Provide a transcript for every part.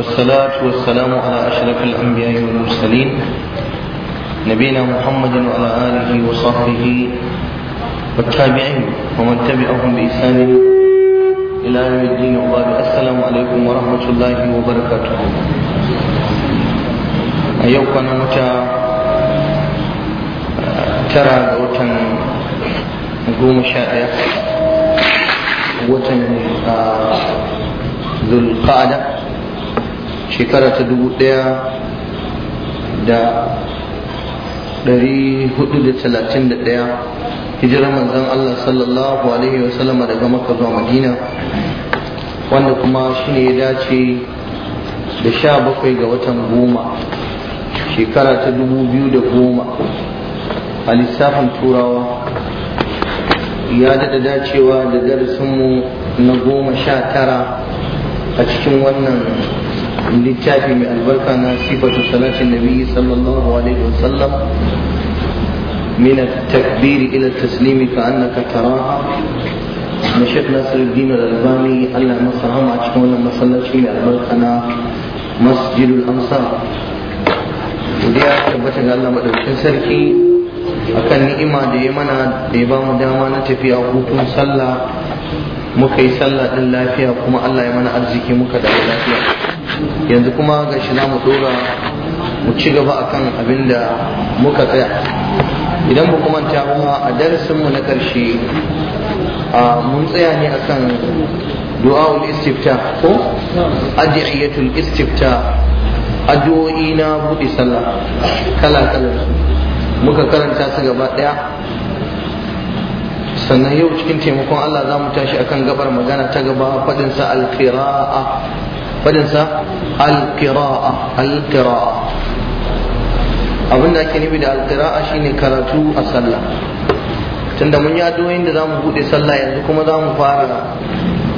والصلاة والسلام على أشرف الأنبياء والمرسلين نبينا محمد وعلى آله وصحبه والتابعين ومن تبعهم بإحسان إلى يوم الدين وبعد السلام عليكم ورحمة الله وبركاته أيوكا نمتا ترى دوتا نقوم شائع وتن آه، ذو القعده shekara ta dubu ɗaya da ɗari hudu da talatin da ɗaya hijirar manzon Allah sallallahu alaihi wasallama daga maka zuwa madina wanda kuma shi ne ya dace da sha bakwai ga watan goma shekara ta dubu biyu da goma a lissafin turawa ya dada dacewa da darasinmu na goma sha tara a cikin wannan littafi mai albarka na sifatu salatin nabi sallallahu alaihi wasallam min at-takbir ila at-taslim ka annaka taraha na shek nasiruddin al-albani Allah ya masa rahama cikin wannan masallaci mai albarka na masjidul amsa. Wadda ya tabbata ga Allah maɗaukin sarki akan ni'ima da ya mana da ya ba mu dama na tafiya hutun sallah muka yi sallah din lafiya kuma Allah ya mana arziki muka da lafiya yanzu kuma ga shi mu dora mu ci gaba akan abin da muka tsaya idan mu kuma ta ba a darasin mu na karshe mun tsaya ne akan du'aul istifta ko adiyatul istifta addu'o'i na buɗe sallah kala kala muka karanta su gaba ɗaya sannan yau cikin taimakon Allah za mu tashi akan gabar magana ta gaba fadinsa alkira'a fadinsa alkira'a alkira'a abin da ake nufi da alkira'a shine karatu a sallah tunda mun yi addu'o'in da za mu buɗe sallah yanzu kuma za mu fara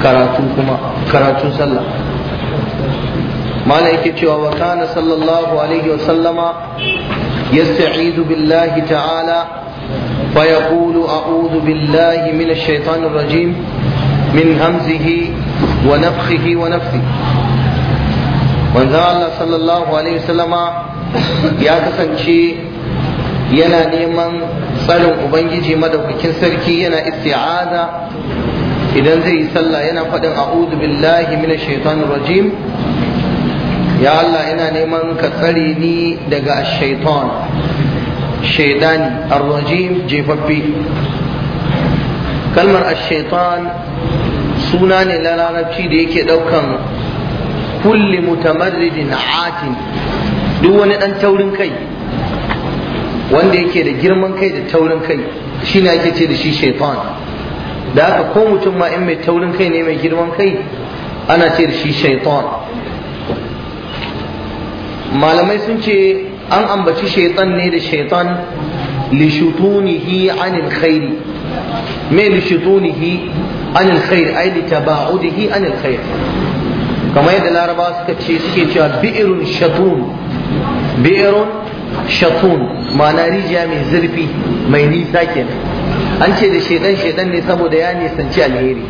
karatu kuma karatun sallah mala yake cewa wa kana sallallahu alaihi wa sallama yasta'idu billahi ta'ala ويقول أعوذ بالله من الشيطان الرجيم من همزه ونفخه ونفثه manzon Allah sallallahu alaihi wasallama ya kasance yana neman tsarin ubangiji madaukakin sarki yana isti'aza idan zai yi sallah yana faɗin a'udhu billahi minash shaitanir rajim ya Allah ina neman ka tsare ni daga shaitan shaidani arrajim jefaffe kalmar ashaitan suna ne na larabci da yake daukan kulli mutamarridin atin duk wani ɗan taurin kai wanda yake da girman kai da taurin kai shine ake ce da shi shaitan da haka ko mutum ma in mai taurin kai ne mai girman kai ana ce da shi shaitan malamai sun ce an ambaci shaitan ne da shaitan lishutunihi anil khairi me lishutunihi anil khairi ai litaba'udihi anil khairi kamar yadda laraba suka ce suke cewa bi'irun shatun bi'irun shatun ma'ana rijiya mai zurfi mai nisa kenan an ce da shaitan shaitan ne saboda ya nisanci alheri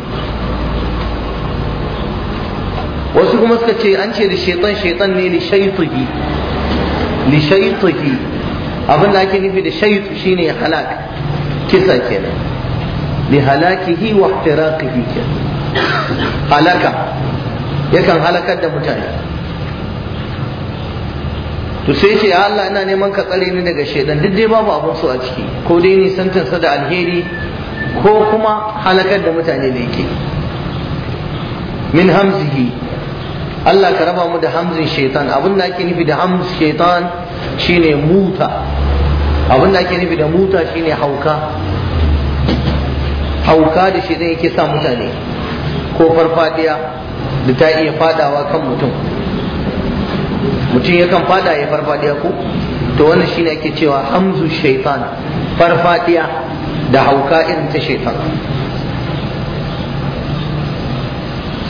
wasu kuma suka ce an ce da shaitan shaitan ne li shaituhi li shaytihi abin da ake nufi da shayt shine halak kisa kenan li halakihi wa ihtiraqihi halaka yakan halakar da mutane to sai ce ya Allah ina neman ka tsare ni daga shaidan duk dai babu abun so a ciki ko dai ni santansa da alheri ko kuma halakar da mutane ne yake min hamzihi Allah ka raba mu da hamzin shaitan abin da ake nufi da hamz shaitan shine muta abin da ake nufi da muta shine hauka hauka da shaitan yake sa mutane ko farfadiya da ta iya fadawa kan mutum mutum yakan fada ya farfadiya ko to wannan shine ake cewa hamzu shaitan farfadiya da hauka irin ta shaitan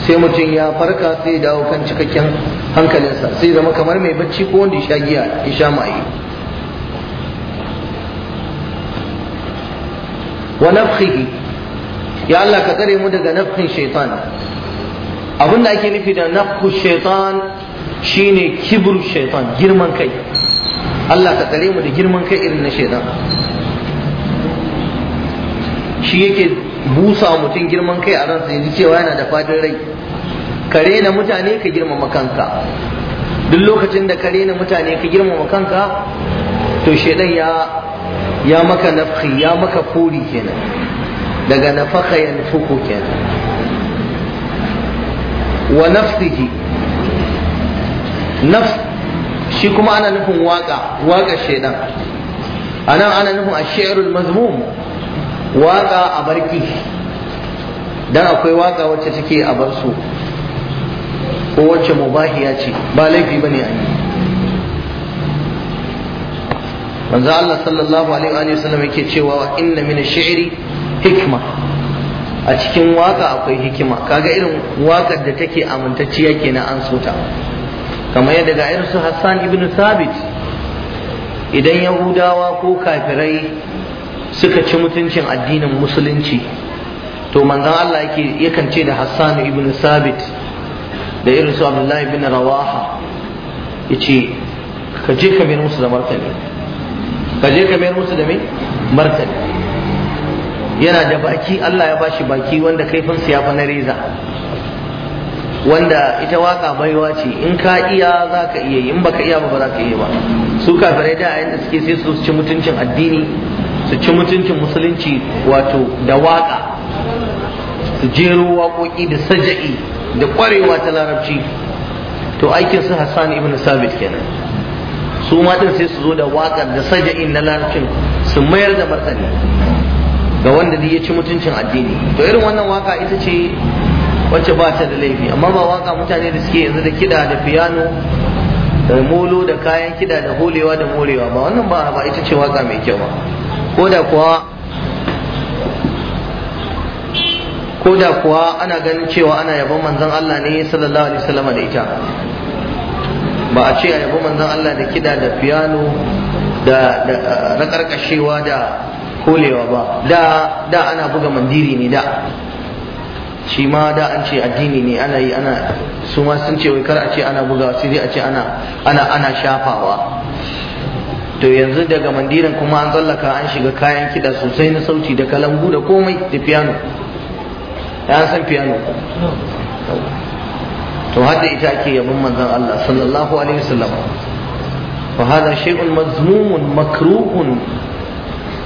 sai mutum ya farka sai dawo kan cikakken hankalinsa sai zama kamar mai bacci ko wanda ya sha giya ya sha ma'ayi wa nafkhihi ya Allah ka tsare mu daga nafkin shaitan abin da ake nufi da nafku shaitan shine kibru shaitan girman kai Allah ka tsare mu da girman kai irin na shaitan shi yake busa wa mutum girman kai a ransa ya ji cewa yana da fadin rai ka rena mutane ka girmama kanka duk lokacin da ka rena mutane ka girmama kanka to shedan ya ya maka nafhi ya maka furi kenan daga nafaka yanfuku kenan wa nafsihi nafs shi kuma ana nufin waka waka shedan anan ana nufin a shirul mazmum waka a barki dan akwai waka wacce take a bar su ko wacce mubahiya ce ba laifi bane a yi manzo Allah sallallahu alaihi wa sallam yake cewa inna min ash-shi'ri hikma a cikin waka akwai hikima kaga irin wakar da take amintacciya kenan an sota kamar yadda ga irin su Hassan ibn Thabit idan Yahudawa ko kafirai suka ci mutuncin addinin musulunci to manzon Allah yake yakan ce da Hassan ibn Sabit da irin su Abdullah ibn Rawaha yace ka je ka mayar musu da martani ka je ka mayar musu da me martani yana da baki Allah ya bashi baki wanda kaifin sa ya fa na reza wanda ita waka baiwa ce in ka iya za ka iya in baka iya ba ba za ka iya ba su kafirai da ayin da suke sai su ci mutuncin addini su ci mutuncin musulunci wato da waka su jero waƙoƙi da saja'i da ƙwarewa ta larabci to aikin su hassan ibn sabit kenan su ma sai su zo da waƙar da sajai na larabcin su mayar da martani ga wanda ya ci mutuncin addini to irin wannan waka ita ce wacce ba ta da laifi amma ba waka mutane da suke yanzu da kiɗa da fiyano mulu da kayan kida da holewa da morewa ba wannan ba ba ita ce waka mai kyau ba ko da kuwa ko kuwa ana ganin cewa ana yabon manzon Allah ne sallallahu alaihi wasallam da ita ba a ce a yabo manzon Allah da kida da piano da rakarkashewa da kolewa ba da da ana buga mandiri ne da shi ma da an ce addini ne ana yi ana su ma sun ce wai kar a ce ana bugawa sai dai a ce ana ana ana shafawa to yanzu daga mandiran kuma an tsallaka an shiga kayan kiɗa sosai na sauti da kalangu da komai da piano ya san piano to hadda ita ake yabon manzon Allah sallallahu alaihi wasallam wa hada shay'un mazmumun makruhun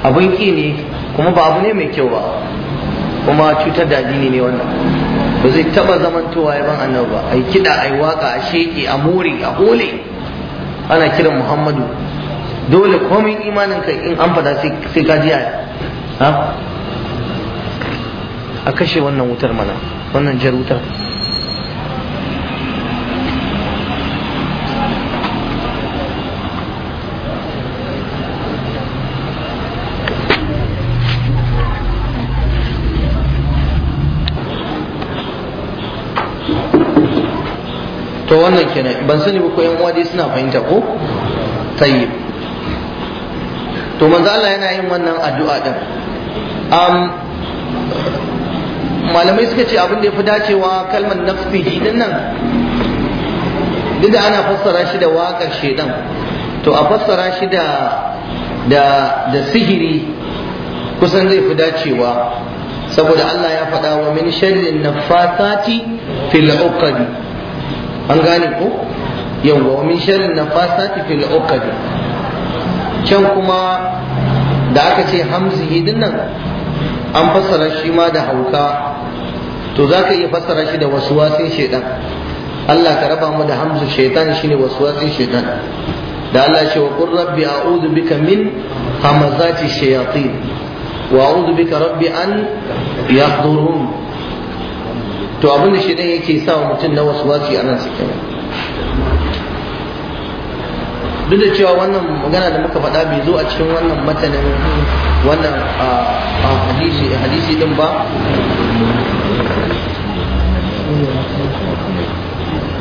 abin ki ne kuma ba abu ne mai kyau ba kuma cutar da addini ne wannan ba zai taba zamantowa ban annabi ba ai kida ai waka a sheki a mori, a hole ana kiran muhammadu dole komin imanin kai in an fada sai ka ji a kashe wannan wutar mana wannan jar wutar to wannan kenan ban sani ba ko yan uwa dai suna fahimta ko tayyib to manzo Allah yana yin wannan addu'a din um, malamai suka ce abin da ya fi dacewa kalmar nafsi din nan duk ana fassara shi da waƙar shedan to a fassara shi da da da sihiri kusan zai fi dacewa saboda Allah ya faɗa wa min sharrin nafasati fil uqad an gane ko yawwa wa min sharrin nafasati fil uqad can kuma da aka ce hamzi din nan an fassara shi ma da hauka to za ka iya fassara shi da wasuwasin shaitan Allah ka raba mu da hamzu shaitan shine wasuwasin shaitan da Allah ce wa qur rabbi a'udhu bika min hamazati shayatin wa a'udhu bika rabbi an yahdurun to abin da shedan yake sa wa mutum na wasu wasi a su kenan duk da cewa wannan magana da muka faɗa bai zo a cikin wannan matanin wannan hadisi din ba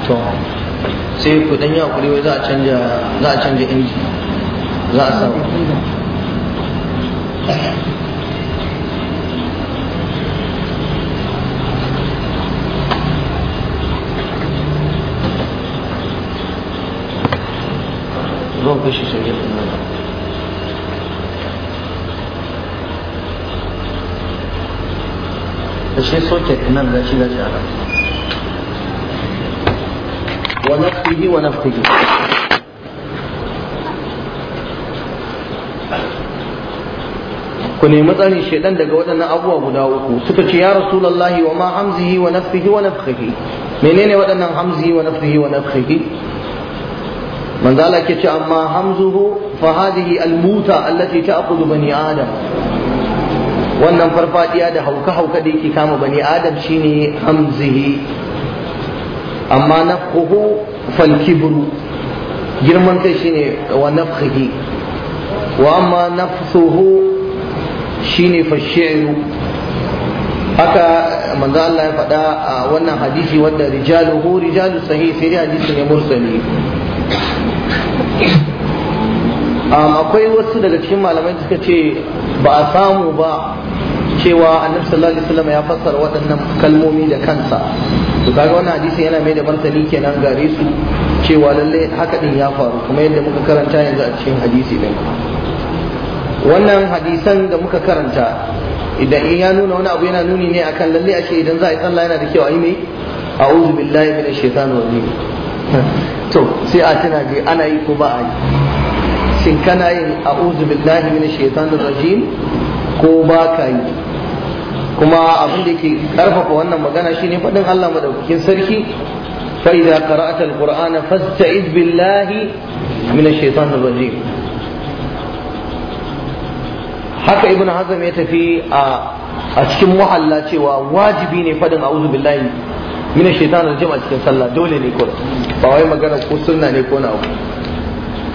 to sai ku dan yi hakuri wai za a canja inji za a samu zo ku shi shirye ku nuna da shi socket nan da shi da shi ala wa nafsihi wa yi. ku ne tsarin shaidan daga waɗannan abubuwa guda uku suka ce ya rasulullahi wa ma hamzihi wa nafsihi wa nafsihi menene waɗannan hamzihi wa nafsihi wa nafsihi من ذلك يتي أما همزه فهذه الموتة التي تأخذ بني آدم wannan farfadiya da hauka-hauka da yake kama bani adam shine hamzihi amma nafkuhu falkibru girman kai shine wa nafkhihi wa amma nafsuhu shine fashi'ru haka manzo Allah ya faɗa a wannan hadisi wanda rijaluhu rijalu sahih sai hadisi ne mursali Um, akwai wasu daga cikin malamai suka ce ba a samu ba cewa annabi sallallahu alaihi wasallam ya fassara waɗannan kalmomi da kansa to kaga wannan hadisi yana mai da martani kenan gare su cewa lalle haka din ya faru kuma yadda muka karanta yanzu a cikin hadisi din wannan hadisan da muka karanta idan in ya nuna wani abu yana nuni ne akan lalle ashe idan za a yi sallah yana da kyau a yi mai a'udhu billahi minash shaitani rajim to sai a tana dai ana yi ko ba a yi shin kana yin a'udhu billahi minash shaitanir rajim ko ba ka yi kuma abin da yake karfafa wannan magana shine faɗin Allah madaukakin sarki fa idza qara'ta alqur'ana fasta'id billahi minash shaitanir rajim haka ibnu hazm ya tafi a a cikin muhalla cewa wajibi ne faɗin a'udhu billahi mina shaitan rajim a cikin sallah dole ne ko ba wai magana ko sunna ne ko na ku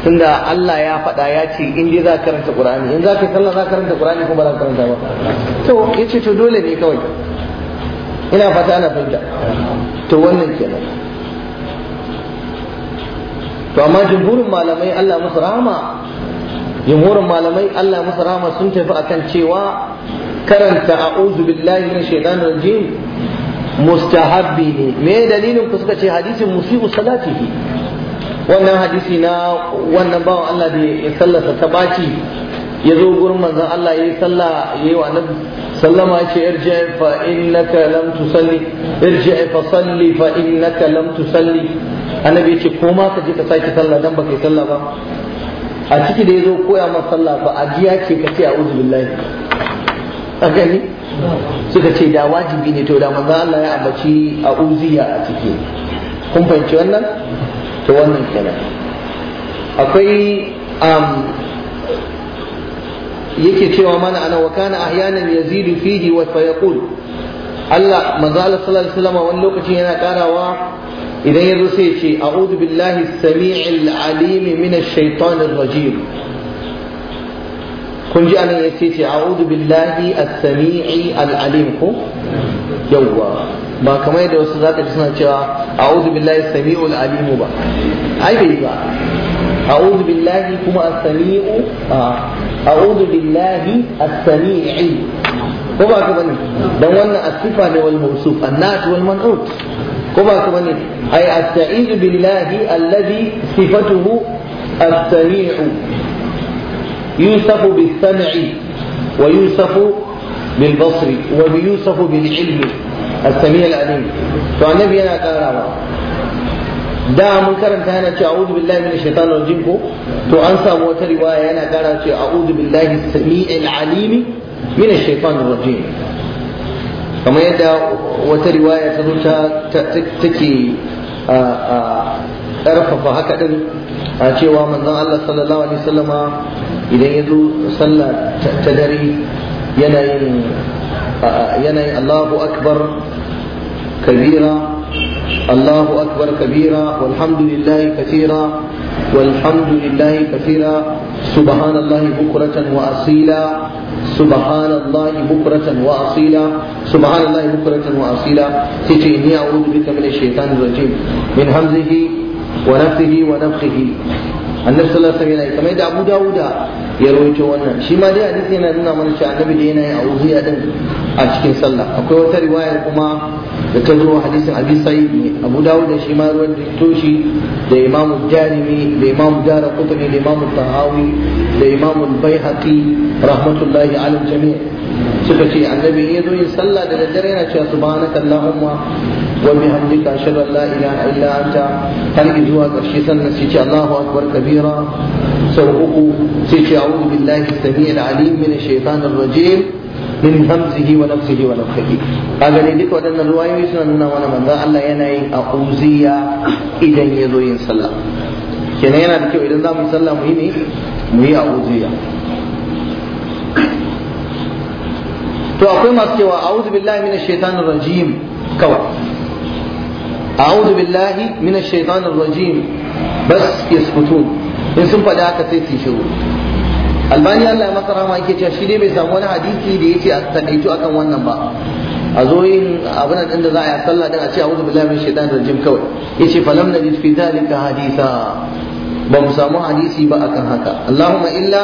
tunda Allah ya faɗa ya ce in dai za ka karanta Qur'ani in za ka sallah za ka karanta Qur'ani ko ba za ka karanta ba to yace to dole ne kawai ina fata ana fahimta to wannan kenan to amma jumhurin malamai Allah musu rahama jumhurin malamai Allah musu rahama sun tafi akan cewa karanta a'udhu billahi minash shaitanir rajim mustahabbi ne me dalilin ku suka ce hadisin musibu salatihi wannan hadisi na wannan bawan Allah da ya sallasa ta baci ya zo gurin manzon Allah ya yi sallah ya yi wa annabi sallama ya ce irji fa innaka lam tusalli irji fa salli fa innaka lam tusalli annabi ya ce ko ma ka je ka sake sallah dan baka yi sallah ba a ciki da ya zo koya masa sallah ba ajiya ce ka ce a'udhu billahi a gani suka ce da wajibi ne to da manzo Allah ya ambaci a uziya a ciki kun fahimci wannan to wannan kenan akwai um, yake cewa mana ana wa kana ahyanan yazidu fihi wa fa yaqul Allah manzo Allah sallallahu alaihi wasallam wani lokacin yana karawa idan ya zo sai ya ce a'udhu billahi as-sami'il alim min shaitanir shaytanir rajim kun ji anan yace ce a'udhu billahi as-sami'i al-alim ko yawwa ba kamar yadda wasu zaka ji suna cewa a'udhu billahi as-sami'u al-alim ba ai bai ba a'udhu billahi kuma as-sami'u a'udhu billahi as-sami'i ko ba ka bane dan wannan asifa ne wal mawsuf annat wal man'ut ko ba ka bane ai as-sa'idu billahi alladhi sifatuhu as-sami'u يوسف بالسمع ويوسف بالبصر وبيوسف بالعلم السميع العليم فالنبي انا كرم دا منكرم كان اعوذ بالله من الشيطان الرجيم تو انسى موت روايه انا كرم اعوذ بالله السميع العليم من الشيطان الرجيم كما يدا وت روايه تقول تكي آه، آه، ارفف هكذا a cewa manzan Allah sallallahu alaihi wasallama idan ya zo sallah ta dare yanayi yanayin Allahu akbar kabira Allahu akbar kabira walhamdulillahi kasira walhamdulillahi kasira subhanallahi bukratan wa asila ni a wudu bika min shaytanir rajim min wa nafihi wa nafihi annabi sallallahu alaihi wasallam kamar da Abu Dawuda ya rawaito wannan shi ma dai hadisi yana nuna mana cewa annabi da yana yin auziya din a cikin sallah akwai wata riwaya kuma da ta zo hadisin Abi Sa'id ne Abu Dawud shi ma rawaito shi da Imam Jarimi da Imam Darqutni da Imam Tahawi da Imam Baihaqi rahmatullahi ala jami' suka ce annabi ya zo yin sallah da daddare yana cewa subhanaka allahumma وبحمدك أشهد أن لا إله إلا أنت هل إذوا كرشيسا سيتي الله أكبر كبيرا سوقه سيتي أعوذ بالله السميع العليم من الشيطان الرجيم من همزه ونفسه ونفخه هذا لذلك ودن الرواية يسنى وانا من ذا الله ينعي أعوذية إذن يذوين صلى kenan yana da kyau idan za mu sallah mu yi ne mu yi a'udhiya to akwai masu cewa a'udhu billahi minash shaitanir rajim kawai a'udhu billahi minash shaitanir rajim bas yasbutun in sun faɗi haka sai su shiru albani Allah ya masa rahama yake cewa shi dai bai samu wani hadisi da yake a takaitu akan wannan ba a zo yin abin da za a yi sallah din a ce a'udhu billahi minash shaitanir rajim kawai yace falam najid fi zalika hadisa ba mu samu hadisi ba akan haka Allahumma illa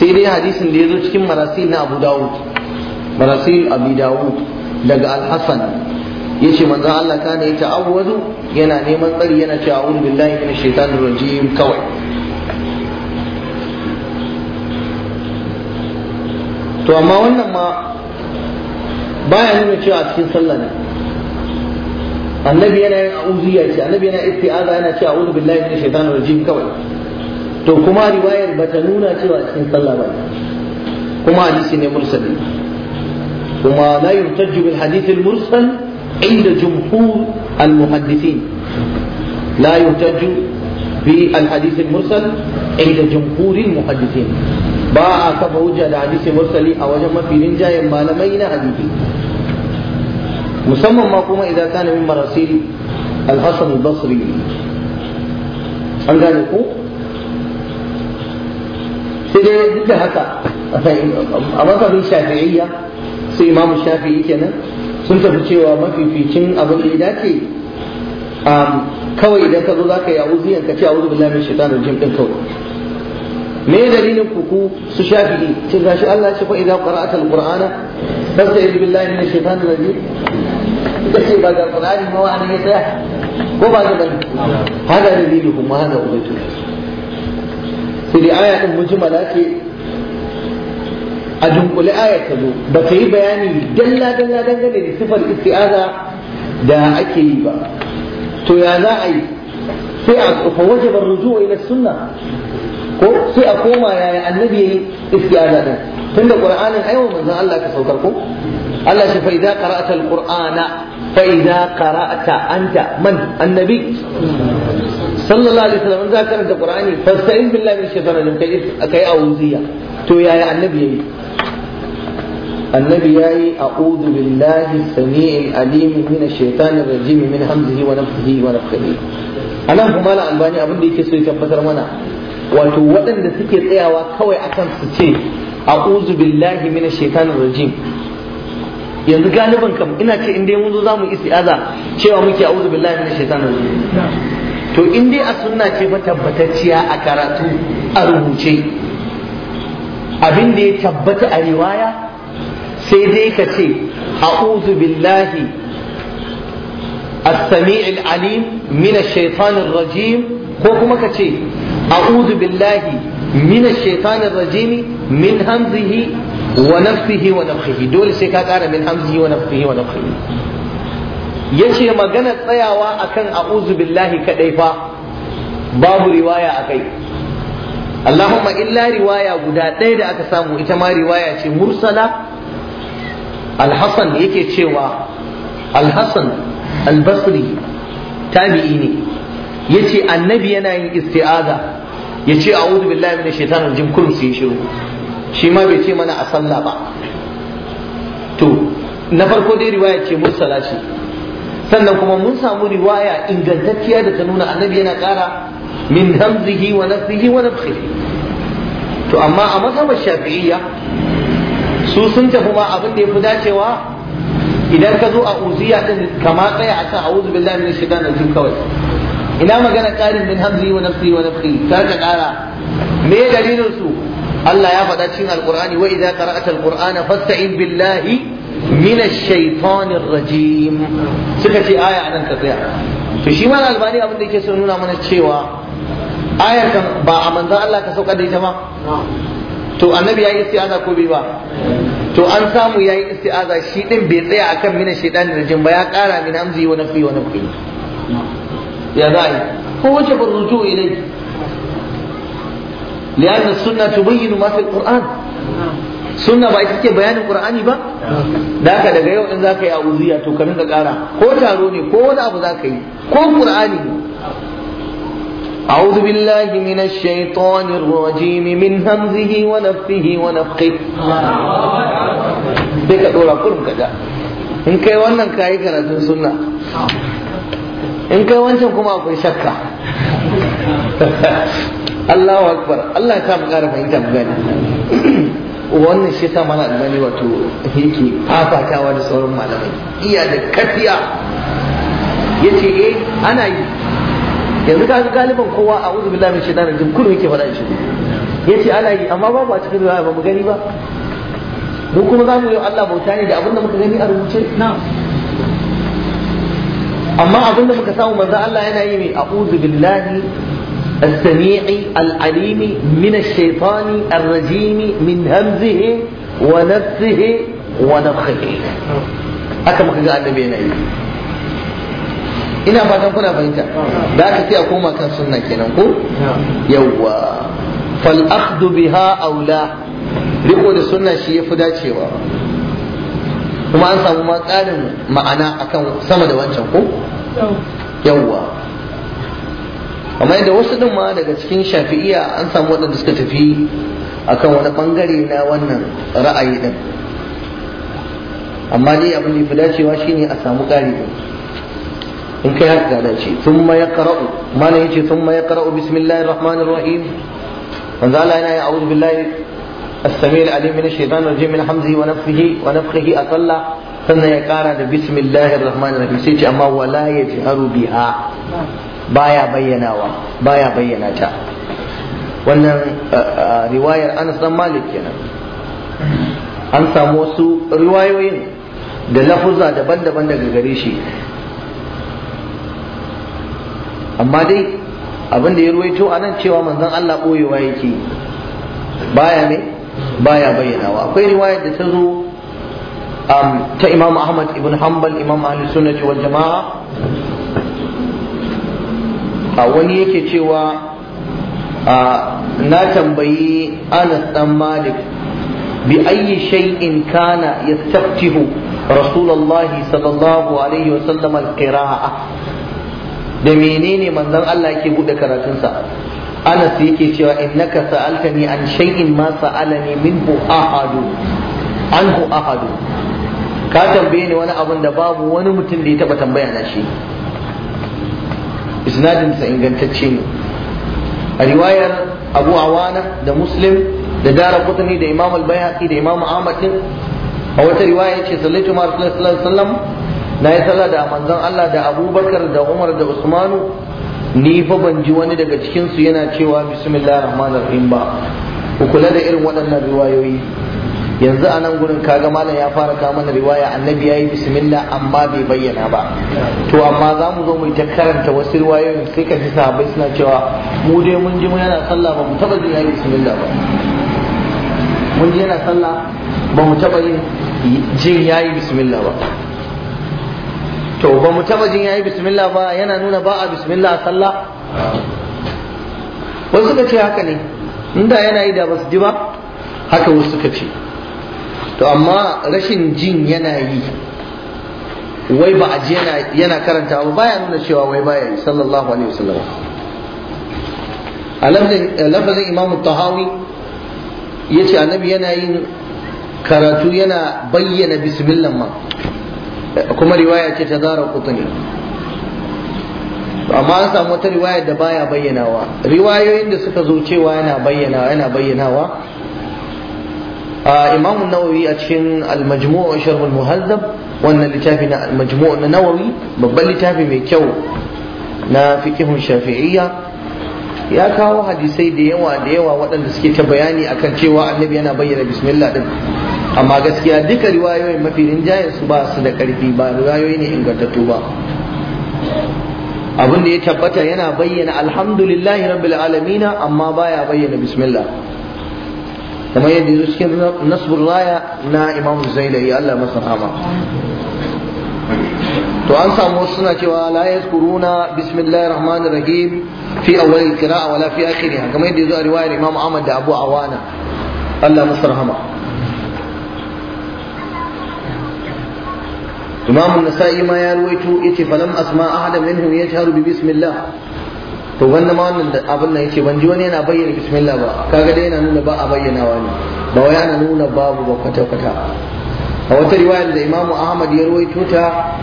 sai dai hadisin da ya zo cikin marasil na Abu Dawud marasil Abu Dawud daga Al-Hasan yace manzon Allah kana ya ta'awwazu yana neman tsari yana cewa a'udhu billahi minash shaitanir rajim kawai to amma wannan ma baya nuna cewa cikin sallah ne annabi yana yin a'udhiya ce annabi yana isti'aza yana cewa a'udhu billahi minash shaitanir rajim kawai to kuma riwayar ba ta nuna cewa a cikin sallah ba kuma hadisi ne mursali kuma la yurtaju bil hadith al mursal عند جمهور المحدثين لا يحتج بالحديث المرسل عند جمهور المحدثين باع كفوج الحديث المرسل او جمع في رنجا يما لم حديثي مسمى ما قوم اذا كان من مراسيل الحسن البصري ان سيدي ديك هكا أما في الشافعية سي إمام الشافعي كنا sun tafi cewa mafificin abin da ya dace um, kawai idan ka zo za ka yi auziyan ka ce a wuzu billahi min da rajim din kawai me dalilin ku su su ne? cin gashi Allah ce fa idza qara'atal qur'ana fasta'id billahi min shaitanir rajim kace ba ga qur'ani ma wani ya tsaya ko ba ga bane hada dalilukum kuma hada ubaitu sai dai aya din mujmala ce a dunkule ayar ta zo ba ta yi bayani dalla dalla dangane da sifar isti'aza da ake yi ba to ya za a yi sai a waje fa wajaba rujuwa ila sunna ko sai a koma ya yi annabi yayi isti'aza din tunda qur'anin aiwa manzon Allah ka saukar ko Allah shi fa idza qara'ata al-qur'ana fa idza qara'ata anta man annabi sallallahu alaihi wasallam za ka karanta qur'ani fasta'in billahi min shaitanir rajim kai kai auziya to yaya annabi yayi annabi yayi a'udhu billahi samii'il alim min ash-shaytanir rajim min hamzihi wa nafthihi wa nafthihi anan kuma la albani abin da yake so ya tabbatar mana wato waɗanda suke tsayawa kawai akan su ce a'udhu billahi min ash-shaytanir rajim yanzu galiban kam ina ce in dai mun zo zamu isti'aza cewa muke a'udhu billahi minash shaitanir rajim to in dai a sunna ce fa tabbatacciya a karatu a rubuce abin da ya tabbata a riwaya sai dai ka ce a'udhu billahi as alim min ash rajim ko kuma ka ce a'udhu billahi min ash min hamzihi wa nafsihi wa nafsihi dole sai ka kara min hamzihi wa nafsihi wa nafsihi yace magana tsayawa akan a'udhu kadai fa babu riwaya akai Allahumma illa riwaya guda ɗaya da aka samu ita ma riwaya ce mursala Al-Hassan yake cewa Al-Hassan Al-Basri tabi'i ne yace annabi yana yin isti'aza yace a'udhu billahi minash shaitanir rajim kullum sai shiru shi ma bai ce mana a sallah ba to na farko dai riwaya ce mursala ce sannan kuma mun samu riwaya ingantacciya da ta nuna annabi yana ƙara min hamzihi wa nafsihi wa nafsihi to amma a mazhabar shafi'iyya su sun tafi ma abin da ya fi dacewa idan ka zo a uziya din kama tsaya akan a'udhu billahi minash shaitanir rajim kawai ina magana karin min hamzihi wa nafsihi wa nafsihi kar ka kara me dalilin su Allah ya faɗa cikin alqur'ani wa idza qara'ata alqur'ana fasta'in billahi من الشيطان rajim. suka ce aya anan ka tsaya to shi ma albani abin da yake so nuna mana cewa ayar kan ba a manzan Allah ka sauka da ita ba to annabi ya yi isti'aza ko bai ba to an samu ya yi isti'aza shi din bai tsaya akan mina shaytan rajim ba ya kara min amzi wa nafi wa nafi ya zai ko wace burruju ilai lian sunna tubayyin ma fi alquran sunna ba ita ke bayanin qur'ani ba da ka daga yau in zaka yi auziya to ka rinka kara ko taro ne ko wani abu zaka yi ko qur'ani أعوذ بالله من الشيطان الرجيم من همزه ونفه ونفخه sai ka ɗora kurum ka ja in kai wannan ka yi karatun sunna in kai wancan kuma akwai shakka Allahu akbar Allah ta mu ƙara fahimta mu gani wannan shi ta mana albani wato yake fafatawa da sauran malamai iya da kafiya yace eh ana yanzu ka ga galiban kowa a uzu billahi min shaitanir rajim kullu yake faɗa shi yace ana yi amma babu a cikin riwaya ba mu gani ba mu kuma za mu yi Allah bauta ne da abin da muka gani a rubuce amma abin da muka samu manzo Allah yana yi mai a'udhu billahi as-sami'i al-alimi min ash-shaytani ar-rajim min hamzihi wa nafthihi wa nafthihi ga annabi yana yi ina fatan kuna fahimta da aka ce a koma kan sunna kenan ko yawwa fal akhdhu biha aula riko da sunna shi yafi dacewa kuma an samu ma ma'ana akan sama da wancan ko yawwa amma yadda wasu din ma daga cikin shafi'iya an samu waɗanda suka tafi akan wani bangare na wannan ra'ayi din amma dai abin da ya fi dacewa shine a samu ƙari din in kai haka da ce thumma yaqra'u mana yace thumma yaqra'u bismillahir rahmanir rahim manzo Allah yana yi a'udhu billahi as-sami'il alim minash shaitanir rajim min hamzihi wa nafthihi wa nafthihi asalla sannan ya kara da bismillahir rahmanir rahim sai ce amma wala ya yajharu biha baya bayyanawa baya bayyana ta wannan eh, eh, riwayar Anas dan Malik kenan an samu wasu riwayoyin da lafuza daban-daban daga gare shi amma dai abin da ya ruwaito a nan cewa manzon Allah ɓoyewa yake baya ne baya bayyanawa akwai riwayar da ta zo um, ta imam ahmad ibn hanbal imam ahli sunnati wal jama'a a wani yake cewa na tambayi anas dan malik bi ayyi shay'in kana yastaftihu rasulullah sallallahu alaihi wa sallam al-qira'a da menene manzon Allah yake bude karatunsa Anas yake cewa innaka sa'altani an shay'in ma sa'alani minhu ahadu anhu ahadu ka tambaye ni wani abun da babu wani mutum da ya taba tambaya na shi isnadin sa ingantacce ne a riwayar Abu Awana da Muslim da Dara Qutni da Imam al da Imam Ahmad a wata riwaya yace sallaitu sallallahu alaihi wasallam na yi sallah da manzon Allah da abubakar da umar da usmanu ni fa ban ji wani daga cikinsu yana cewa bismillah rahman rahim ba ku kula da irin waɗannan riwayoyi yanzu a nan gurin kaga malam ya fara kawo mana riwaya annabi yayi bismillah amma bai bayyana ba to amma za mu zo mu ta karanta wasu riwayoyin sai ka ji sahabbai suna cewa mu dai mun ji mu yana sallah ba mu taba jin yayi bismillah ba mun yana sallah ba mu taba jin yayi bismillah ba to ba mu taba jin yayi bismillah ba yana nuna ba a bismillah a sallah wasu suka ce haka ne inda yana yi da ba su ji ba haka wasu suka ce to amma rashin jin yana yi wai ba a ji yana karanta ba ya nuna cewa wai baya yi sallallahu alaihi wasallam a lafazin eh, imam tahawi ya ce annabi yana yin karatu yana bayyana bismillah ma kuma riwaya ce ta zara kutuni amma an samu wata riwaya da baya bayyanawa riwayoyin da suka zo cewa yana bayyanawa yana bayyanawa imamu nawawi a cikin al-majmu' sharh al-muhazzab wannan littafi na al-majmu' na nawawi babban littafi mai kyau na fiqhun shafi'iyya ya kawo hadisai da yawa da yawa waɗanda suke ta bayani akan cewa annabi yana bayyana bismillah din amma gaskiya duka riwayoyin mafi rinjayen su ba su da karfi ba riwayoyi ne ingantattu ba abin da ya tabbata yana bayyana alhamdulillahi rabbil alamina amma baya bayyana bismillah kamar yadda yazo cikin nasbur raya na imam zailai Allah masa rahama to an samu suna cewa la yazkuruna bismillahir rahmanir rahim fi awwal al-qira'a wala fi akhiriha kamar yadda yazo a riwayar imam Ahmad da Abu Awana Allah masa rahama إمام an ما يرويتو ya فلم yace أحدا منهم يجهر ببسم الله to wannan ma wannan abin nan yake ban ji wani yana bayyana bismillah ba kaga dai yana nuna ba a bayyana wani, ba wai yana nuna babu ba kwata kwata a wata riwaya da imamu ahmad ya ruwaito ta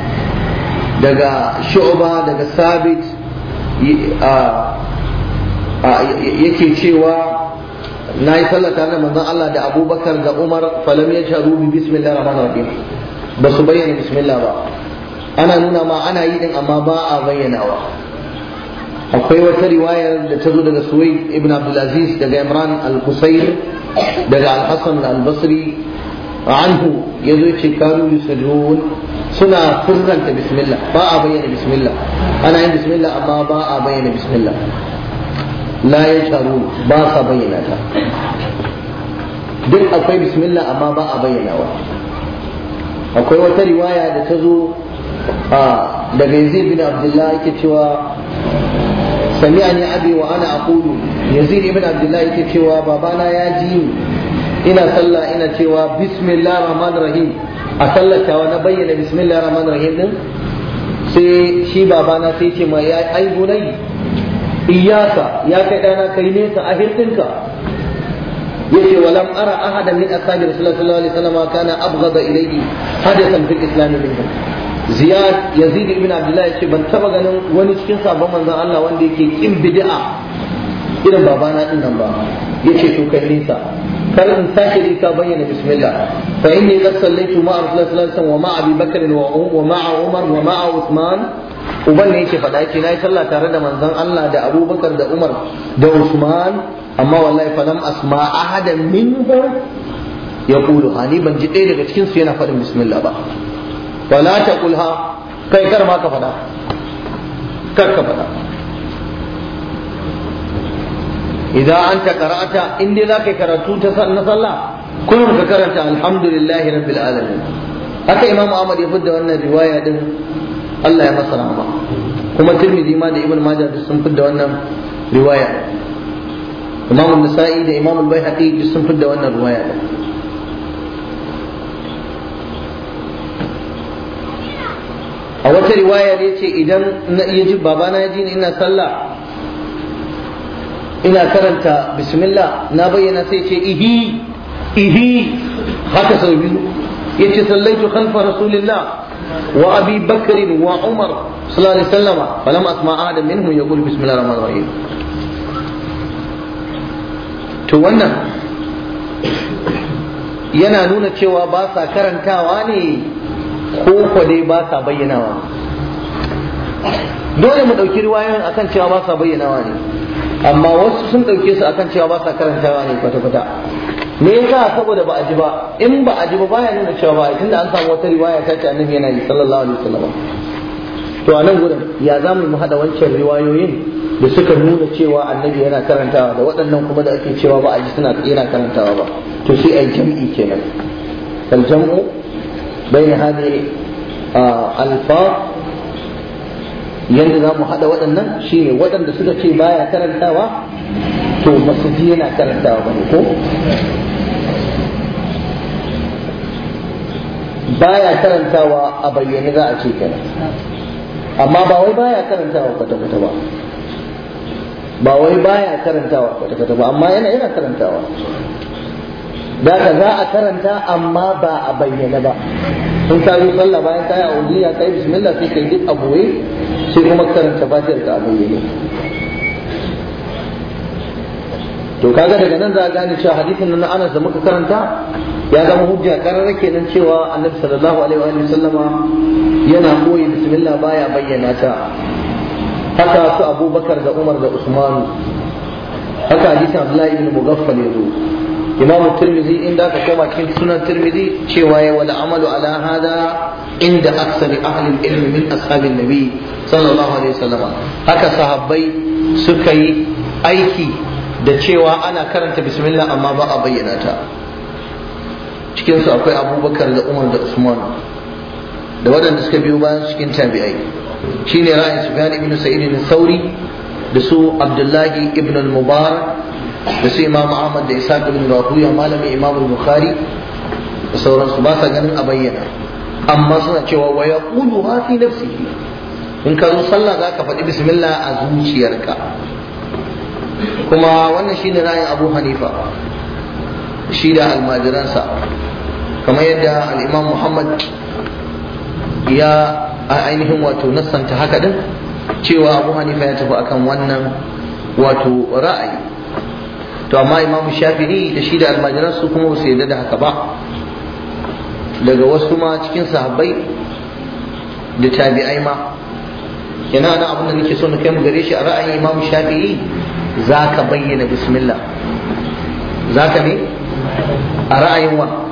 daga shu'ba daga sabit yake cewa na yi sallah tare da manzon Allah da Abubakar da Umar falam yajharu bi bismillahir rahmanir rahim ba su bayyana bismillah ba ana nuna ma ana yi din amma ba a bayyanawa akwai wata riwayar da ta zo daga suwai ibn abdulaziz daga imran al-qusayr daga al-hasan al-basri anhu ya zo ce kanu yusallun suna furranta bismillah ba a bayyana bismillah ana yin bismillah amma ba a bayyana bismillah la ya taru ba sa bayyana ta duk akwai bismillah amma ba a bayyanawa akwai wata riwaya da ta zo a daga yazid bin abdullah yake cewa sami'ani abi wa ana aqulu yazid ibn abdullah yake cewa babana ya ji ina sallah ina cewa bismillah rahman rahim a sallatawa na bayyana bismillah rahman rahim din sai shi babana sai ce ma ya ai iyaka ya kai dana kai nesa a hirtinka yace walam ara ahadan min ashabi rasulullah sallallahu alaihi wasallam kana abghada ilayhi hadathan fil islam minhu ziyad yazid ibn abdullah yace ban taba ganin wani cikin sabon manzon Allah wanda yake kin bid'a irin babana din nan ba yace to kai nisa kar in sake in ka bayyana bismillah fa inni qad sallaitu ma'a rasulullah sallallahu wa ma'a abi bakr umm wa ma'a umar wa ma'a usman uban ne yake faɗa ce na yi sallah tare da manzon Allah da abubakar da umar da usman amma wallahi fa falam asma ahadan minhum yaqulu ani ban ji ɗaya daga cikin su yana faɗin bismillah ba wala taqulha kai kar ma ka faɗa kar ka faɗa idan an ta karata in za ka karatu ta na sallah kullum ka karanta alhamdulillahi rabbil alamin haka imam ahmad ya fidda wannan riwaya din Allah ya masa rahama kuma tirmidhi ma da ibn majah sun fidda wannan riwaya imam nasa'i da imam al-baihaqi duk sun fidda wannan ruwaya a wata riwayar ya ce idan ya ji babana ya ji ni ina sallah ina karanta bismillah na bayyana sai ce ihi ihi haka sau biyu ya ce sallaitu khalfa rasulillah wa abi bakrin wa umar sallallahu alaihi wasallama falam asma ahadan minhum yaqul bismillah rahman rahim to wannan yana nuna cewa ba sa karantawa ne ko ko dai ba sa bayyanawa dole mu ɗauki riwayoyin akan cewa ba sa bayyanawa ne amma wasu sun ɗauke su akan cewa ba sa karantawa ne kwata-kwata me yasa saboda ba a ji ba in ba a ji ba baya nuna cewa ba tunda an samu wata riwaya ta ce annabi yana yi sallallahu alaihi wasallam to a nan gudun, ya za mu haɗa wancan riwayoyin da suka nuna cewa annabi yana karantawa da waɗannan kuma da ake cewa ba a ji suna yana karantawa ba to sai a yi jam'i kenan bai بين hadi alfa yadda za mu haɗa waɗannan shi ne waɗanda suka ce baya karantawa to masu ji yana karantawa ba ko baya karantawa a bayyane za a ce kenan amma ba wai baya karantawa kwata-kwata ba ba wai baya karantawa kwata-kwata ba amma yana yana karantawa da ka za a karanta amma ba a bayyana ba sun ka yi sallah bayan ka yi auliya ya yi bismillah sai ka yi duk abu sai kuma karanta ba ta a bayyane to kaga daga nan za a gane cewa hadisin nan ana da muka karanta ya zama hujja karara kenan cewa annabi sallallahu alaihi wa sallama yana koyi bismillah baya bayyana ta haka su abubakar da umar da usman haka hadisi abdullahi ibn mugaffal yazo imamu tirmidhi inda ka koma cikin sunan tirmidhi cewa ya wal amalu ala hada inda aksari ahli ilmi min ashabin nabi sallallahu alaihi wasallama haka sahabbai suka yi aiki da cewa ana karanta bismillah amma ba a bayyana ta cikinsu akwai abubakar da umar da usman da waɗanda suka biyo bayan cikin tabi'ai shine ra'ayin su gani ibn sa'id ibn sauri da su abdullahi ibn al-mubarak da su imam ahmad da isa ibn rahuya malamin imam al-bukhari da sauransu ba sa ganin a bayyana amma suna cewa wa yaqulu ha fi in ka zo sallah ka faɗi bismillah a zuciyarka kuma wannan shine ra'ayin abu hanifa shi da almajiransa kamar yadda al'imam muhammad ya ainihin wato nassanta haka din cewa abu hanifa ya tafi akan wannan wato ra'ayi to amma imamu shafi'i da shi da almajiran su kuma su yadda da haka ba daga wasu ma cikin sahabbai da tabi'ai ma yana da abin da nake so na kai mu gare shi a ra'ayin imamu shafi'i za ka bayyana bismillah za ka ne a ra'ayin wa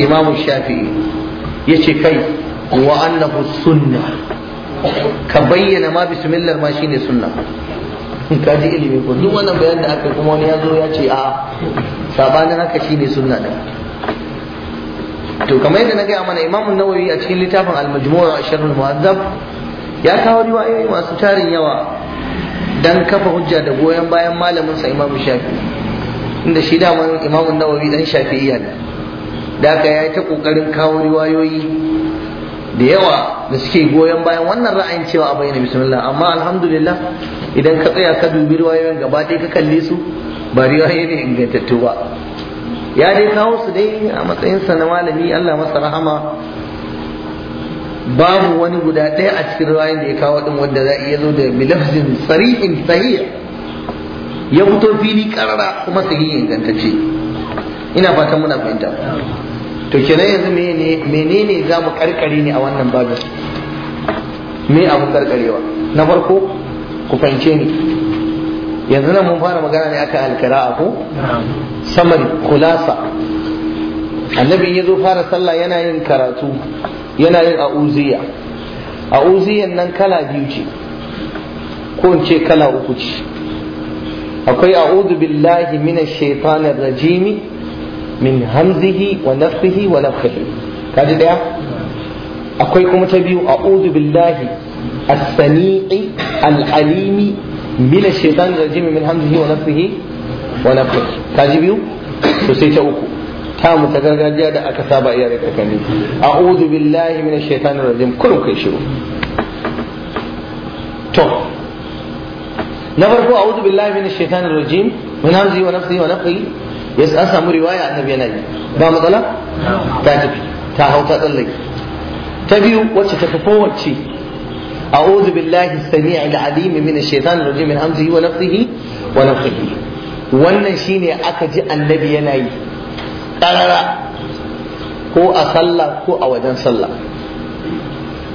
imamu shafi'i ya ce kai wa annahu sunna ka bayyana ma bismillah ma shine ka ilimi ko duk wannan bayan da aka kuma wani ya zo ya ce a sabanin haka shine sunna din to kamar yadda na gaya mana imamun nawawi a cikin littafin al-majmu' ashr al muazzab ya kawo riwayoyi masu tarin yawa dan kafa hujja da goyon bayan malamin sa imam shafi'i inda shi imam imamun nawawi dan shafi'iyya ne da aka ya yi ta kokarin kawo riwayoyi da yawa da suke goyon bayan wannan ra'ayin cewa a bayyana bismillah amma alhamdulillah idan ka tsaya ka dubi riwayoyin gaba ɗaya ka kalle su ba riwayoyi ne ingantattu ba ya dai kawo su dai a matsayin sa na malami Allah masa rahama babu wani guda ɗaya a cikin riwayoyin da ya kawo din wanda za iya zo da bilafzin sarihin sahih ya fito fili karara kuma sahihin ingantacce ina fatan muna fahimta to kenan yanzu menene za mu karkare ne a wannan babin me abu karkarewa na farko ku fahimce ni yanzu nan mun fara magana ne aka alkira'a ko samari kulasa annabi ya zo fara sallah yana yin karatu yana yin a'uziya a'uziyan nan kala biyu ce ko in ce kala uku ce akwai a'udhu billahi minash shaitanir rajimi min hamzihi wa nafsihi wa nafsihi kaji daya akwai kuma ta biyu a'udhu billahi as-sami'i al-alimi min ash-shaytan rajim min hamzihi wa nafsihi wa nafsihi kaji biyu to sai ta uku ta mu ta gargajiya da aka saba iya kakanni. kani a'udhu billahi min ash-shaytan rajim kullum kai shiru to na farko a'udhu billahi min ash-shaytan rajim min hamzihi wa nafsihi wa nafsihi yas an samu riwaya annabi yana yi ba matsala ta tafi ta hau ta tsallake ta biyu wacce ta fi kowace أعوذ بالله السميع العليم من الشيطان الرجيم من همزه ونفسه ونفخه wannan shine aka ji annabi yana yi ƙarara ko a sallah ko a wajen sallah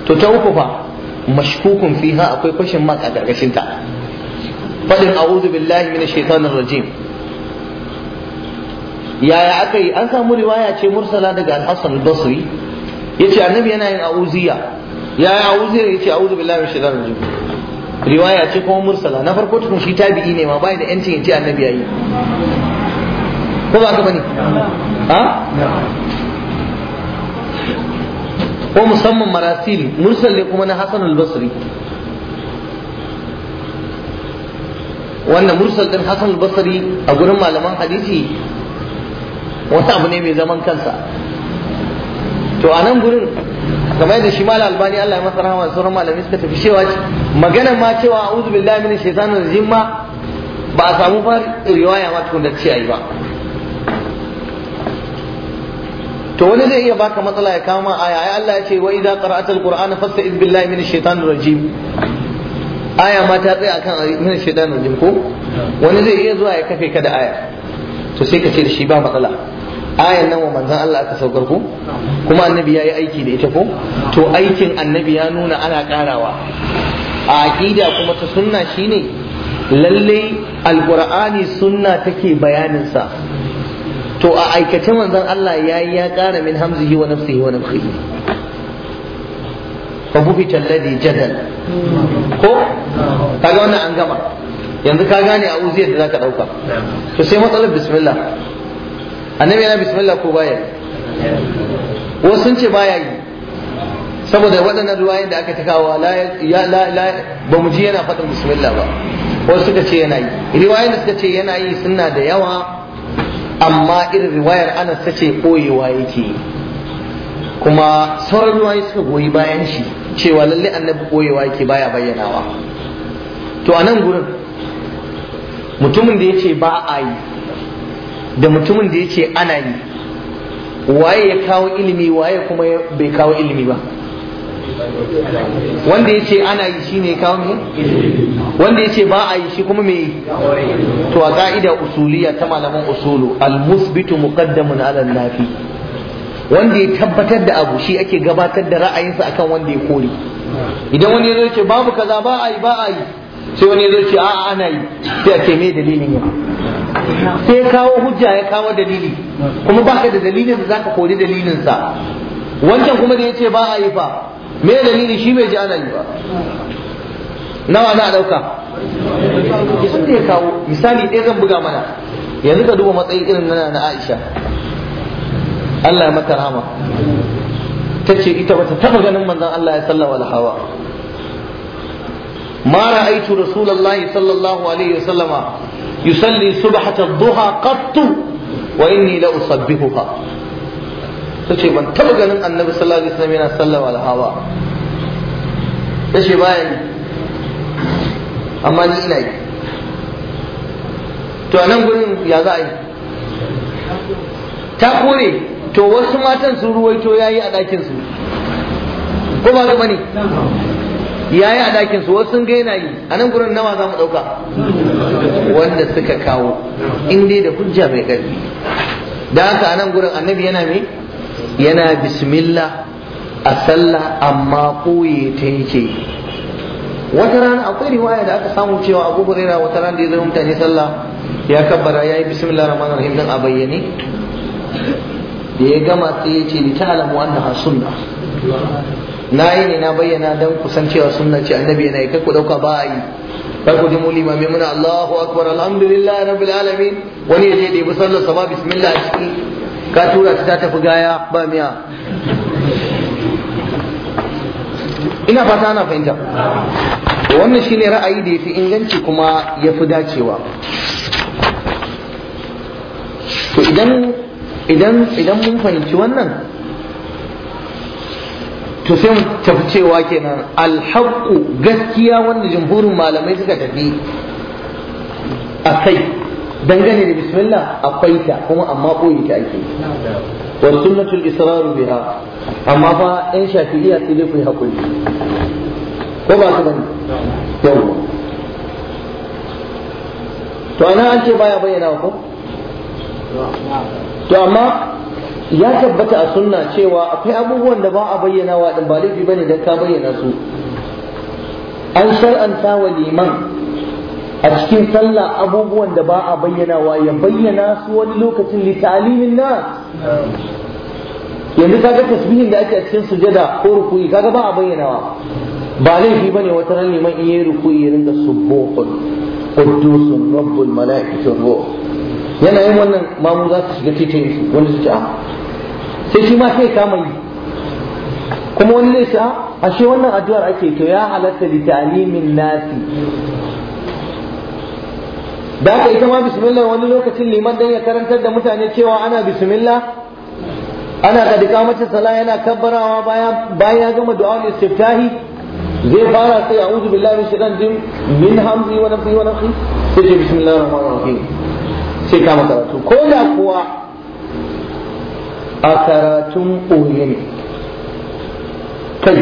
to ta uku fa mashkukun fiha akwai kwashin mark a ƙarƙashin faɗin a'udhu billahi minash shaitanir rajim yaya aka yi an samu riwaya ce mursala daga al-hasan al-basri yace annabi yana yin auziya yaya auziya yace a'udhu billahi minash shaitanir rajim riwaya ce kuma mursala na farko tun shi tabi'i ne ma bai da yancin yace annabi yayi ko ba ka bane ha ko musamman marasil mursal ne kuma na hasan al-basri wannan mursal din hasan al-basri a gurin malaman hadisi wani abu ne mai zaman kansa to a nan gurin kamar yadda shi malam albani Allah ya masa rahama sauran malamai suka tafi cewa magana ma cewa a'udhu billahi minash shaitanir rajim ma ba a samu ba riwaya ma tukun da ce ayi ba to wani zai iya baka matsala ya kama aya ai Allah ya ce wa idza qara'ata alqur'ana fasta'iz billahi minash shaitanir rajim aya ma ta tsaya akan minash shaitanir rajim ko wani zai iya zuwa ya kafe ka da aya to sai ka ce da shi ba matsala ayan nan wa manzan Allah aka saukar ku kuma annabi ya yi aiki da ita ko to aikin annabi ya nuna ana karawa a aƙida kuma ta sunna shine lalle alqur'ani sunna take bayaninsa to a aikace manzan Allah ya yi ya kara min hamzihi wa nafsihi wa nafsihi fa bubita alladhi jadal ko kaga wannan an gama yanzu ka gane a uziyar da zaka dauka to sai matsalar bismillah annabi yana bismillah ko baya wasu sun ce baya yi saboda waɗannan ruwayen da aka ta kawo ba mu ji yana faɗin bismillah ba wasu suka ce yana yi riwayen da suka ce yana yi suna da yawa amma irin riwayar ana ta ce yake yi kuma sauran ruwaye suka goyi bayan shi cewa lalle annabi ɓoyewa yake baya bayyanawa to a nan gurin mutumin da ya ce ba a yi da mutumin da yace ana yi waye ya kawo ilimi waye kuma bai kawo ilimi ba wanda ya ce ana yi shi ne kawo ne wanda ya ce ba a yi shi kuma mai to a ka'ida usuliya ta malaman usulu al-musbitu muqaddamun ala nafi wanda ya tabbatar da abu shi ake gabatar da ra'ayinsa akan wanda ya kori. idan wani ya ce babu kaza ba a yi ba a yi sai wani ya ce a'a ana yi sai a ce me dalilin yau sai kawo hujja ya kawo dalili kuma ka da dalilin da zaka kori dalilin sa wancan kuma da yace ba a yi fa me dalili shi mai ji ana yi ba nawa na dauka kisan da ya kawo misali ɗaya zan buga mana yanzu ka duba matsayi irin na na Aisha Allah ya mata rahama tace ita bata taba ganin manzon Allah ya sallama alhawa ما رأيت رسول sallallahu alaihi الله عليه يصلي صبحة الضحى قط وإني لأصبحها tace ban taba ganin annabi sallallahu alaihi wasallam yana sallama alhawa tace bayan amma ni ina yi to anan gurin ya za a yi ta kore to wasu matan sun ruwaito yayi a ɗakin ko ba ya yi a ɗakin su wasu sun ga yana yi a nan gurin nawa za mu ɗauka wanda suka kawo inda dai da hujja mai ƙarfi da haka a nan gurin annabi yana mai yana bismillah a sallah amma koye ta yake wata rana akwai riwaya da aka samu cewa abu huraira wata rana da ya zama mutane sallah ya kabbara ya yi bismillah rahman rahim nan a bayyane da ya gama sai ya ce ta wanda annaha sunna na yi ne na bayyana dan kusancewa sunna ce annabi yana yi kakku dauka ba yi kakku ji muli mai muna Allahu akbar alhamdulillah rabbil alamin wani ya je da ibi sallar sama bismillah a ciki ka tura ta tafi gaya ba miya ina fata ana fahimta wannan shine ra'ayi da ya fi inganci kuma ya fi dacewa to idan idan idan mun fahimci wannan to sai tafi cewa kenan alhaqqu gaskiya wanda jumhurin malamai suka tafi a kai dangane da bismillah akwai ta kuma amma koyi ta ake wa sunnatul israru biha amma fa yan shafi'iyya sai dai ku hakuri ko ba su bane yawa to ana an ce baya bayyana ko to amma ya tabbata a sunna cewa akwai abubuwan da ba a bayyana wa din ba laifi bane dan ka bayyana su an shar'anta wa liman a cikin sallah abubuwan da ba a bayyana wa ya bayyana su wani lokacin li ta'limin na yanzu kaga tasbihin da ake a cikin sujada ko ruku'i kaga ba a bayyana wa ba laifi bane wata ran liman in yayi ruku'i ya ringa subuhun quddusun rabbul mala'ikatu ruh Yanayin wannan mamu za su shiga titin su wanda su a ah. sai shi ma sai kama yi kuma wani zai ce ah, ashe wannan addu'ar ake to ya halatta li ta'limin nasi da haka ita ma bismillah wani lokacin liman dan ya karantar da mutane cewa ana bismillah ana kadika mata sala yana kabbarawa bayan bayan ya gama du'a istiftahi zai fara sai a'udhu billahi minash shaitanir rajim min hamzi wa nafsi wa nafsi sai bismillahir rahmanir rahim sai kama karatu ko da kuwa a karatun ɓoye ne kai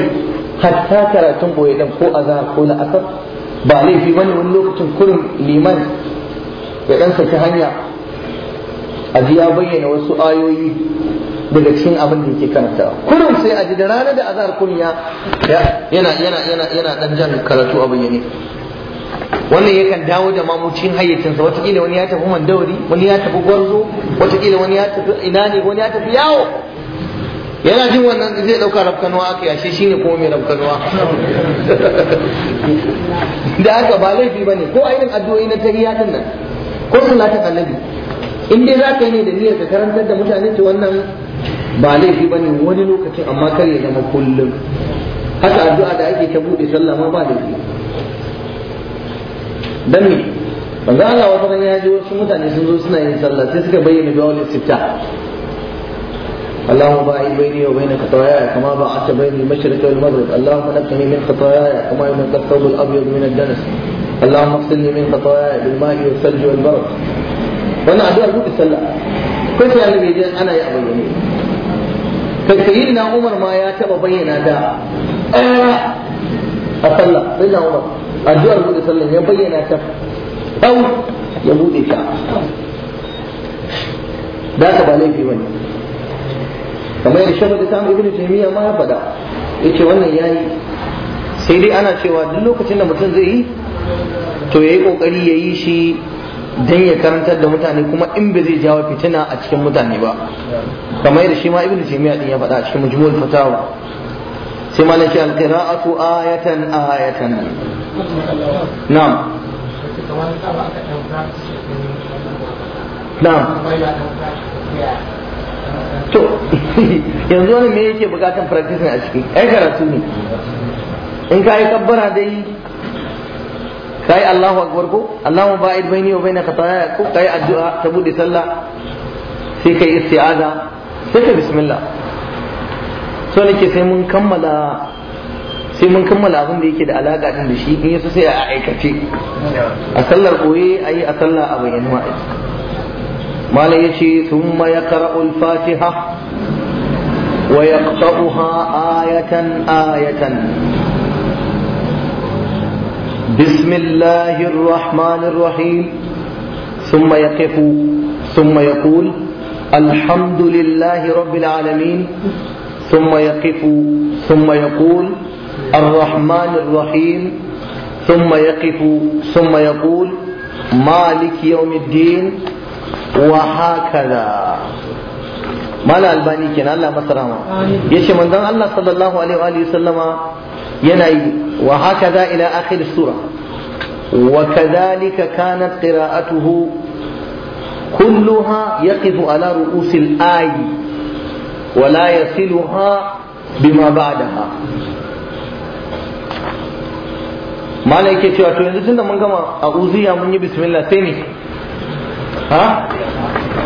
hatta karatun ɓoye ɗin ko za ko la'asar ba laifi ba ne wani lokacin kurin liman ya ɗan saki hanya a ji bayyana wasu ayoyi daga cikin abin da yake karanta kurin sai a ji da rana da azhar kunya yana yana yana yana ɗan jan karatu a bayyane wannan yakan dawo da mamucin hayyacinsa watakila wani ya tafi mandauri wani ya tafi gwarzo watakila wani ya tafi ina ne wani ya tafi yawo yana jin wannan zai dauka rafkanuwa aka yashe shi ne kuma mai rafkanuwa da haka ba laifi ba ne ko ainihin addu'o'i na tariya din nan ko salatin annabi in dai za ka yi ne da niyyar ka karantar da mutane ce wannan ba laifi ba ne wani lokacin amma kar ya zama kullum haka addu'a da ake ta buɗe sallah ma ba laifi dan ne manzo Allah wata ran ya ji wasu mutane sun zo suna yin sallah sai suka bayyana bawal istifta اللهم باعد بيني وبين خطاياي كما بعدت بين المشرق والمغرب اللهم نقني من خطاياي كما ينقى الثوب الابيض من الدنس اللهم اغسلني من خطاياي بالماء والثلج والبرد وانا ادعو ارجوك السلة كيف يعني بيجان انا يا ابو kai sayyidina umar ma ya taba bayyana da a sallah sai da umar addu'ar bude sallah ya bayyana ta au ya bude ta da ka ba laifi wani kamar yadda shafa da samun ibn taymiya ma ya faɗa yace wannan yayi sai dai ana cewa duk lokacin da mutum zai yi to yayi kokari yayi shi dan ya karantar da mutane kuma in ba zai jawo fitina a cikin mutane ba kamar yadda shi ma ibn taymiya din ya faɗa a cikin mujmul fatawa sai ma nake alqira'atu ayatan ayatan na'am na'am to yanzu wani me yake bukatan practicing a ciki ai karatu ne in ka yi kabbara dai ka yi Allahu akbar ko Allahu ba'id baini wa baina khataya ko ka yi addu'a ta bude sallah sai ka yi isti'aza sai ka bismillah so nake sai mun kammala sai mun kammala abin da yake da alaka din da shi in yaso sai a aikace a sallar koye ayi a sallar a bayyana ma malai yace thumma yaqra'u al-fatiha wa yaqta'uha ayatan ayatan بسم الله الرحمن الرحيم ثم يقف ثم يقول الحمد لله رب العالمين ثم يقف ثم يقول الرحمن الرحيم ثم يقف ثم يقول مالك يوم الدين وهكذا ما لا الباني كان الله مسرما يشي من الله صلى الله عليه وآله وسلم يناي وهكذا إلى آخر السورة وكذلك كانت قراءته كلها يقف على رؤوس الآي ولا يصلها بما بعدها mala yake cewa to yanzu tunda mun gama a uziya mun yi bismillah ها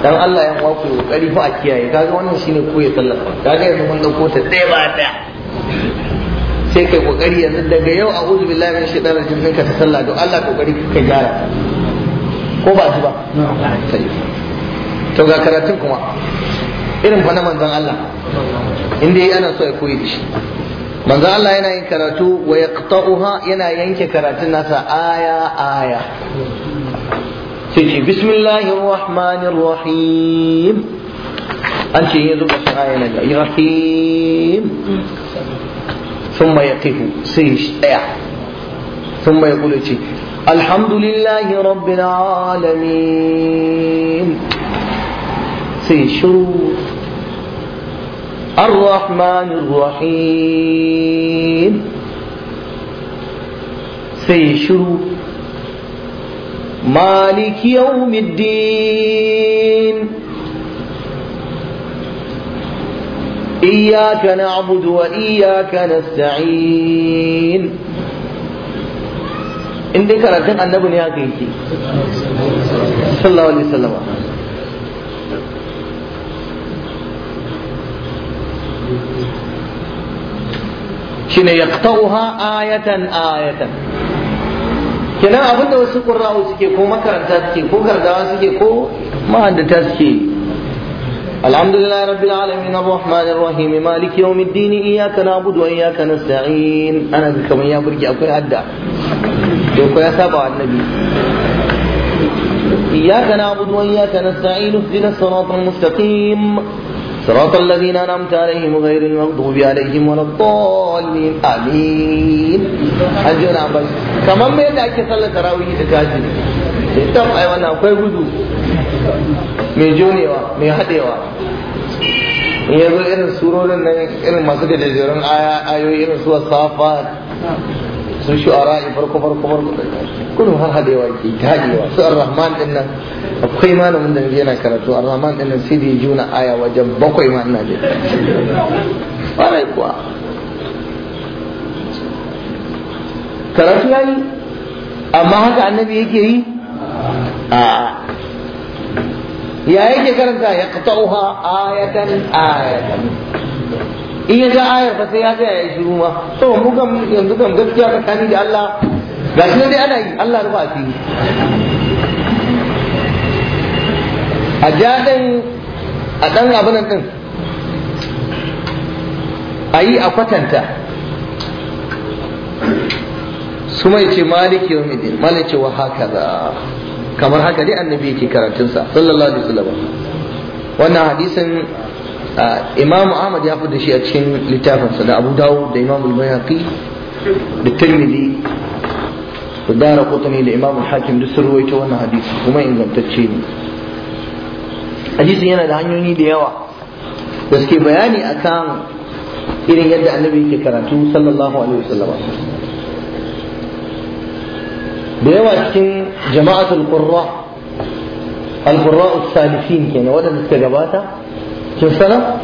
dan Allah ya kwa ku kokari fa a kiyaye kaga wannan shine ku ya tallafa kaga yanzu mun dauko ta ɗaya ba ta sai kai kokari yanzu daga yau a'udhu billahi min shaitanir rajim sai ka ta sallah don Allah kokari kai gyara ko ba su ba to ga karatun kuma irin fa na manzon Allah inda yi ana so ya koyi da shi manzon Allah yana yin karatu wa yaqta'uha yana yanke karatun nasa aya aya sai ce bismillahir rahmanir rahim an ce yanzu ba shi aya na rahim thumma yaqifu sai tsaya thumma yaqulu ce alhamdulillahi rabbil alamin في شروط الرحمن الرحيم في شروط مالك يوم الدين إياك نعبد وإياك نستعين إن ذكرت أن النبي صلى الله عليه وسلم shine yaqta'uha ayatan ayatan kenan abin da wasu qurra'u suke ko makaranta suke ko gargawa suke ko mahaddata suke الحمد لله رب العالمين الرحمن الرحيم مالك يوم الدين إياك نعبد وإياك نستعين أنا بكم يا برجع أكون أدى يقول يا سابع النبي إياك نعبد وإياك نستعين اهدنا الصراط المستقيم صراط الذين أنعمت عليهم غير المغضوب عليهم ولا الضالين آمين أجل عباس كمان ما يدعك صلى تراويح تكاجل تم أي وانا أقوي قدو من جوني وا من حدي وا يقول إن سورة إن إن ما سكت جزيران آية آية إن سورة صافات su shu'ara'i farko farko farko kullum har hadewa ke ta hadewa su ar-rahman din nan akwai malamin da yana karatu ar-rahman din nan sai da juna aya wajen bakwai ma ina jin kwarai kuwa karatu yayi amma haka annabi yake yi a ya yake karanta ya qata'uha ayatan ayatan in ya ayar fa sai ya ga ya shiru ma so mu ga yanzu gam gaskiya tsakani da Allah shi dai ana yi Allah rufa shi a ja din a dan abin din a yi a kwatanta su mai ce maliki yau midin maliki wa haka za kamar haka dai annabi yake karatunsa sallallahu alaihi wasallam wannan hadisin imamu ahmad ya fi da shi a cikin littafinsa da abu da imamu bayhaqi da tirmidhi da dara kotani da imamu hakim duk sun ruwaito wannan hadisi kuma ingantacce ne hadisin yana da hanyoyi da yawa da suke bayani kan irin yadda annabi yake karatu sallallahu alaihi wasallam da yawa cikin jama'atul qurra al-qurra as-salifin kenan wadanda suka gabata kin sana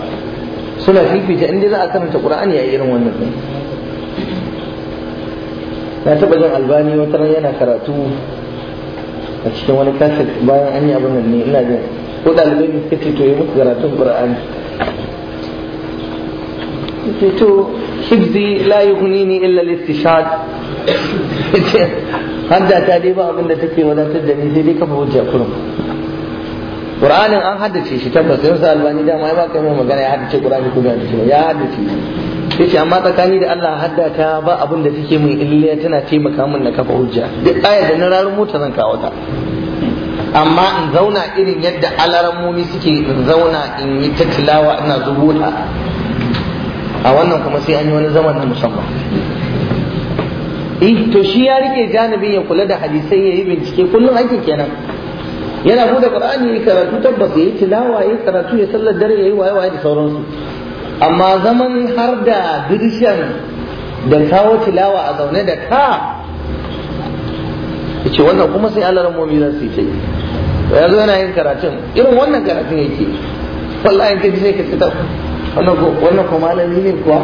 suna fifita inda za a karanta ya a irin wannan ɗin na taɓa jin albani wata ran yana karatu a cikin wani kasar bayan an yi abin nan ne ina jin ko ɗalibai ne suka to yi muku karatun ƙura'ani. ce to hibzi la ne illa al-istishhad hadda ta dai ba abin da take wadatar da ni sai dai kafa hujja kurum Qur'anin an haddace shi tabbas sai a albani da mai ba kai mai magana ya haddace Qur'ani ko ga haddace ya haddace yace amma tsakani da Allah haddata ba abin da take mai illa tana taimaka min na kafa hujja duk ayar da na rarun mota zan kawo ta amma in zauna irin yadda alarammomi suke in zauna in yi ta tilawa ina zubuta a wannan kuma sai an yi wani zaman na musamman eh, to shi ya rike janibin ya kula da hadisai ya yi bincike kullum aikin kenan yana bude qur'ani ya karatu tabbas ya yi tilawa ya karatu ya sallar dare ya yi waye waye da sauransu amma zaman har da dirshan da kawo tilawa a zaune da ka ce wannan kuma sai Allah ramomi za su yi ya Yanzu yana yin karatun irin wannan karatun yake wallahi kaji sai ka fita wannan ko malami ne kuwa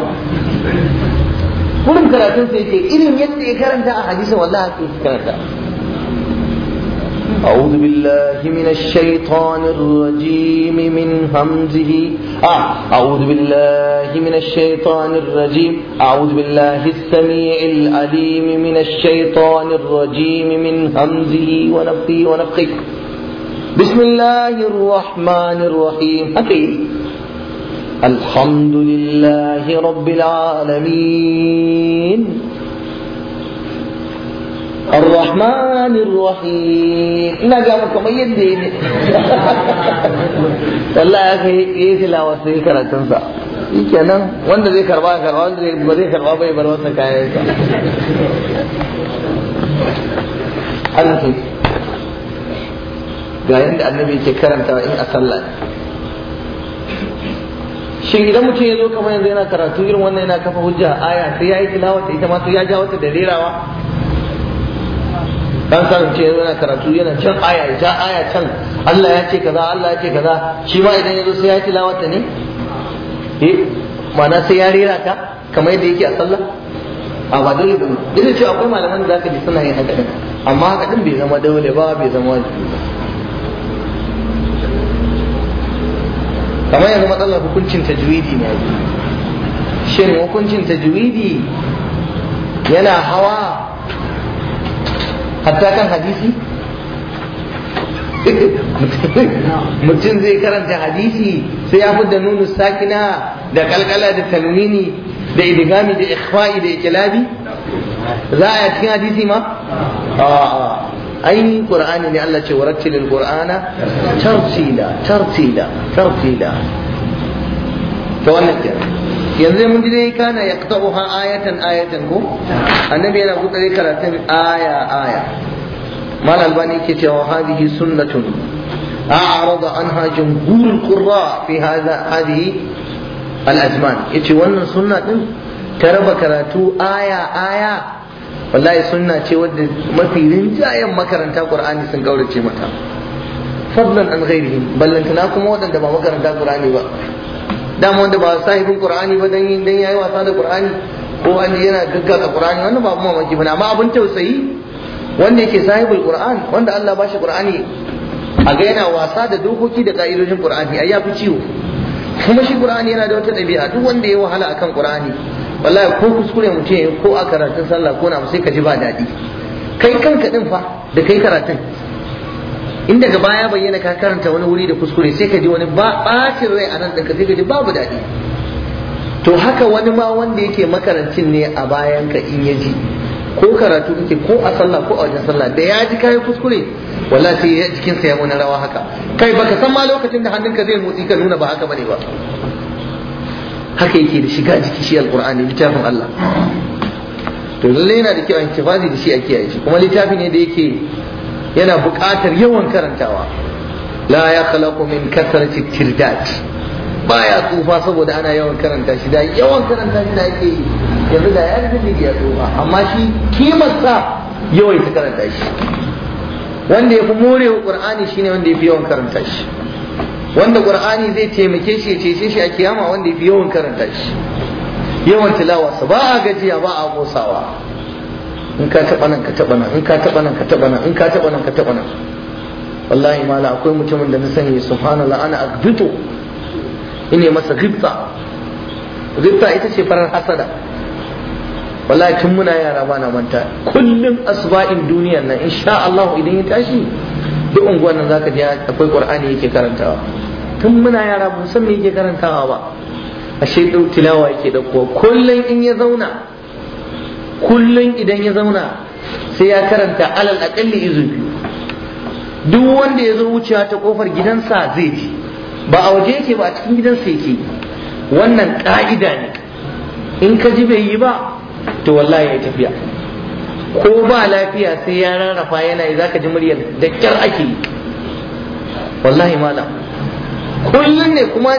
kullum karatun sai yake irin yadda ya karanta a hadisin wallahi haka yake karanta أعوذ بالله من الشيطان الرجيم من همزه آه. أعوذ بالله من الشيطان الرجيم أعوذ بالله السميع العليم من الشيطان الرجيم من همزه ونفخه ونفخه بسم الله الرحمن الرحيم أكيد الحمد لله رب العالمين الرحمن الرحيم ina ga muku kamar yadda ya ne wallahi aka yi tilawa sai karatun sa shikenan wanda zai karba karba wanda zai karba bai bar wasa kayan sa annabi ke in a shin idan mutum ya zo kamar yanzu yana karatu irin wannan yana kafa hujja aya sai ya yi tilawa ita ma sai ya ja wata da rerawa dan san ce yana karatu yana can aya ja aya can Allah ya ce kaza Allah ya ce kaza shi ma idan ya zo sai ya ta ne eh mana sai ya rera ta kamar yadda yake a sallah a ba dole ba duk ce akwai malaman da zaka ji suna yin haka din amma haka din bai zama dole ba bai zama wajibi ba kamar yanzu matsalar hukuncin tajwidi ne shin hukuncin tajwidi yana hawa hatta kan hadisi mutum zai karanta hadisi sai ya fidda nunu sakina da kalkala da tanwini da idigami da ikhfa'i da ikilabi za a yi cikin hadisi ma Aini qur'ani ne Allah ce warattilil qur'ana tartila tartila tartila ta wannan kenan yanzu mun ji dai kana ya ha ayatan ayatan ko annabi yana buɗe dai karatun aya aya mal albani ke cewa hadihi sunnatun a'rada anha jumhurul qurra fi hadha hadhihi al-azman yace wannan sunna din ta raba karatu aya aya wallahi sunna ce wadda mafi rinjayen makaranta qur'ani sun gaurace mata fadlan an ghairihim ballantana kuma wadanda ba makaranta qur'ani ba dama wanda ba sahibin qur'ani ba dan dan yayi wasa da qur'ani ko an yana gaggaka qur'ani wannan ba kuma mamaki bane amma abin tausayi wanda yake sahibul qur'an wanda Allah ba shi qur'ani a ga yana wasa da dokoki da ka'idojin qur'ani ai fi ciwo kuma shi qur'ani yana da wata dabi'a duk wanda ya wahala akan qur'ani wallahi ko kuskure mutum ya ko a karatun sallah ko na sai ka ji ba daɗi kai kanka din fa da kai karatun in daga baya bayyana ka karanta wani wuri da kuskure sai ka ji wani bacin rai a nan ɗinka sai ka ji babu daɗi to haka wani ma wanda yake makarancin ne a bayan ka in ya ji ko karatu kake ko a sallah ko a wajen sallah da ya ji kayan kuskure wallahi sai ya jikinsa ya wani rawa haka kai baka san ma lokacin da hannunka zai motsi ka nuna ba haka bane ba haka yake da shiga jiki shi alqur'ani littafin Allah to lalle yana da kyau intifazi da shi a kiyaye shi kuma littafi ne da yake yana buƙatar yawan karantawa la ya khalaqu min kasrati tirdat baya tsufa saboda ana yawan karanta shi da yawan karanta shi da yake yanzu da ya rubuta ya tsufa amma shi kimarsa ta karanta shi wanda ya fi more qur'ani shine wanda ya fi yawan karanta shi wanda qur'ani zai taimake shi ya cece shi a kiyama wanda ya fi yawan karanta shi yawan tilawarsa ba a gajiya ba a gosawa in ka taɓa nan ka taɓa nan in ka taɓa nan ka taɓa nan in ka taɓa nan ka taɓa nan wallahi mala akwai mutumin da na sani subhanallah ana agbito ine masa gibta gibta ita ce farar hasada wallahi tun muna yara ba na manta kullum asba'in duniyar nan insha Allah idan ya tashi duk unguwar nan zaka ji akwai qur'ani yake karantawa tun muna yara ba san me yake karantawa ba ashe dau tilawa yake da kuwa kullum in ya zauna kullum idan ya zauna sai ya karanta alal aƙalli izu biyu duk wanda ya zo wucewa ta kofar gidansa zai ji ba a waje yake ba a cikin gidansa yake wannan ƙa'ida ne in ka ji bai yi ba to wallahi ya tafiya ko ba lafiya sai ya rarrafa yana yi zaka ji muryar da kyar ake yi wallahi malam kullum ne kuma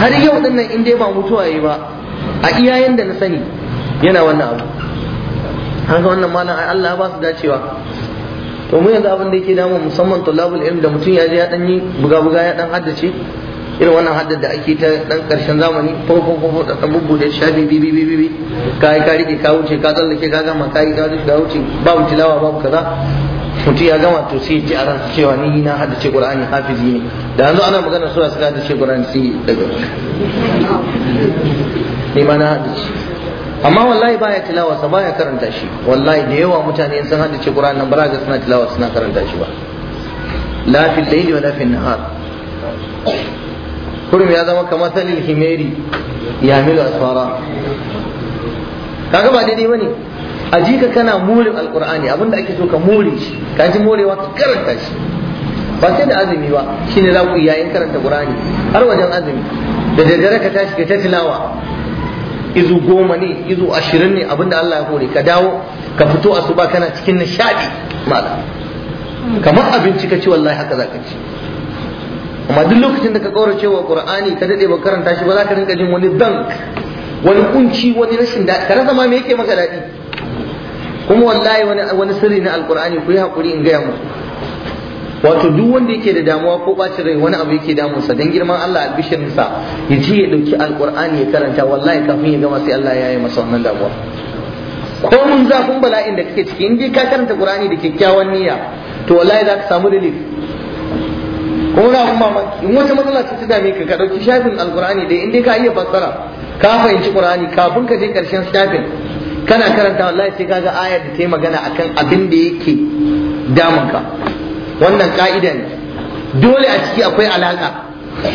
har yau dinnan in dai ba mutuwa yi ba a iyayen da na sani yana wannan abu haka wannan malam ai Allah ba su dacewa to mu yanzu abin da yake damu musamman tulabul ilm da mutum ya je ya dan yi buga buga ya dan haddace irin wannan haddar da ake ta dan karshen zamani ko ko ko da dan bubbude shabi bi bi bi bi kai ka rike ka wuce ka tsallake ka gama kai ka wuce ka wuce babu tilawa babu kaza mutum ya gama to sai ji a ran cewa ni na haddace qur'ani hafizi ne da yanzu ana magana sura suka haddace qur'ani sai daga ni ma na haddace amma wallahi baya tilawarsa baya karanta shi wallahi da yawa mutane sun hada ce Qur'an nan ba ga suna tilawa suna karanta shi ba la fil layli wa la fil nahar kurum ya zama kamar salil himeri ya milu asfara kaga ba daidai bane a ji ka kana murin alqur'ani abinda ake so ka more shi ka ji morewa ka karanta shi ba sai da azumi ba shine za ku yayin karanta qur'ani har wajen azumi da daddare ka tashi ka ta tilawa izu goma ne izu ashirin ne abinda Allah ya hore ka dawo ka fito asuba kana cikin nishadi mala kamar abinci ka ci wallahi haka zaka ci amma duk lokacin da ka kaura cewa qur'ani ka dade ba karanta shi ba za ka rinka jin wani dank wani kunci wani rashin daɗi ka rasa ma me yake maka daɗi kuma wallahi wani wani sirri na alqur'ani ku yi hakuri in gaya muku wato duk wanda yake da damuwa ko bacin rai wani abu yake damunsa dan girman Allah albishirinsa ya ce ya dauki alqur'ani ya karanta wallahi kafin ya gama sai Allah ya yi masa wannan damuwa ko mun zafin bala'in da kake ciki in ka karanta qur'ani da kyakkyawan niyya to wallahi za ka samu relief kuma na kuma mamaki in wata matsala ce ta dame ka ka dauki shafin alqur'ani da in ka iya fassara ka fahimci qur'ani kafin ka je karshen shafin kana karanta wallahi sai kaga ayar da ta yi magana akan abin da yake damunka wannan ka'ida ne dole a ciki akwai alaka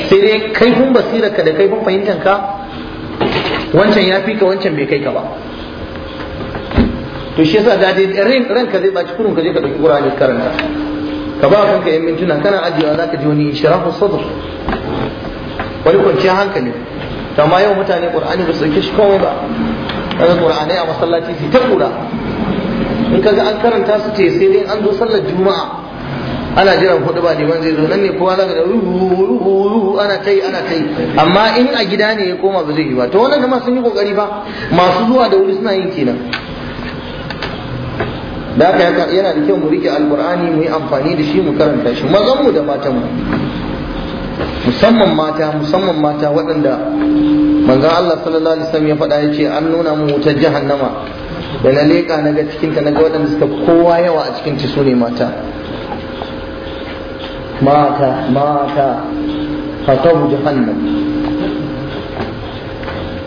sai dai kaifin basirarka da kaifin fahimtanka wancan ya fi ka wancan bai kai ka ba to shi yasa dadi rin ranka zai baci kurun ka je ka dauki qur'ani karanta ka ba kanka yan mintuna kana ajiyewa zaka ji wani ishrahu sadr wani kwanciyar hankali to amma yau mutane qur'ani ba su dauke shi komai ba kaga qur'anai a masallaci su ta kura in kaga an karanta su ce sai dai an zo sallar juma'a ana jiran hudu ba liman zai zo nan ne kowa zaka da ana kai ana kai amma in a gida ne ya koma ba zai yi ba to wannan kuma sun yi kokari ba masu zuwa da wuri suna yin kenan da haka yana da kyau mu rike alqur'ani mu yi amfani da shi mu karanta shi mazan mu da matan mu musamman mata musamman mata waɗanda manzon Allah sallallahu alaihi wasallam ya faɗa yace an nuna mu wutar jahannama da na leƙa na ga cikinta na ga waɗanda suka kowa yawa a cikin su ne mata مات مات خطب جهنم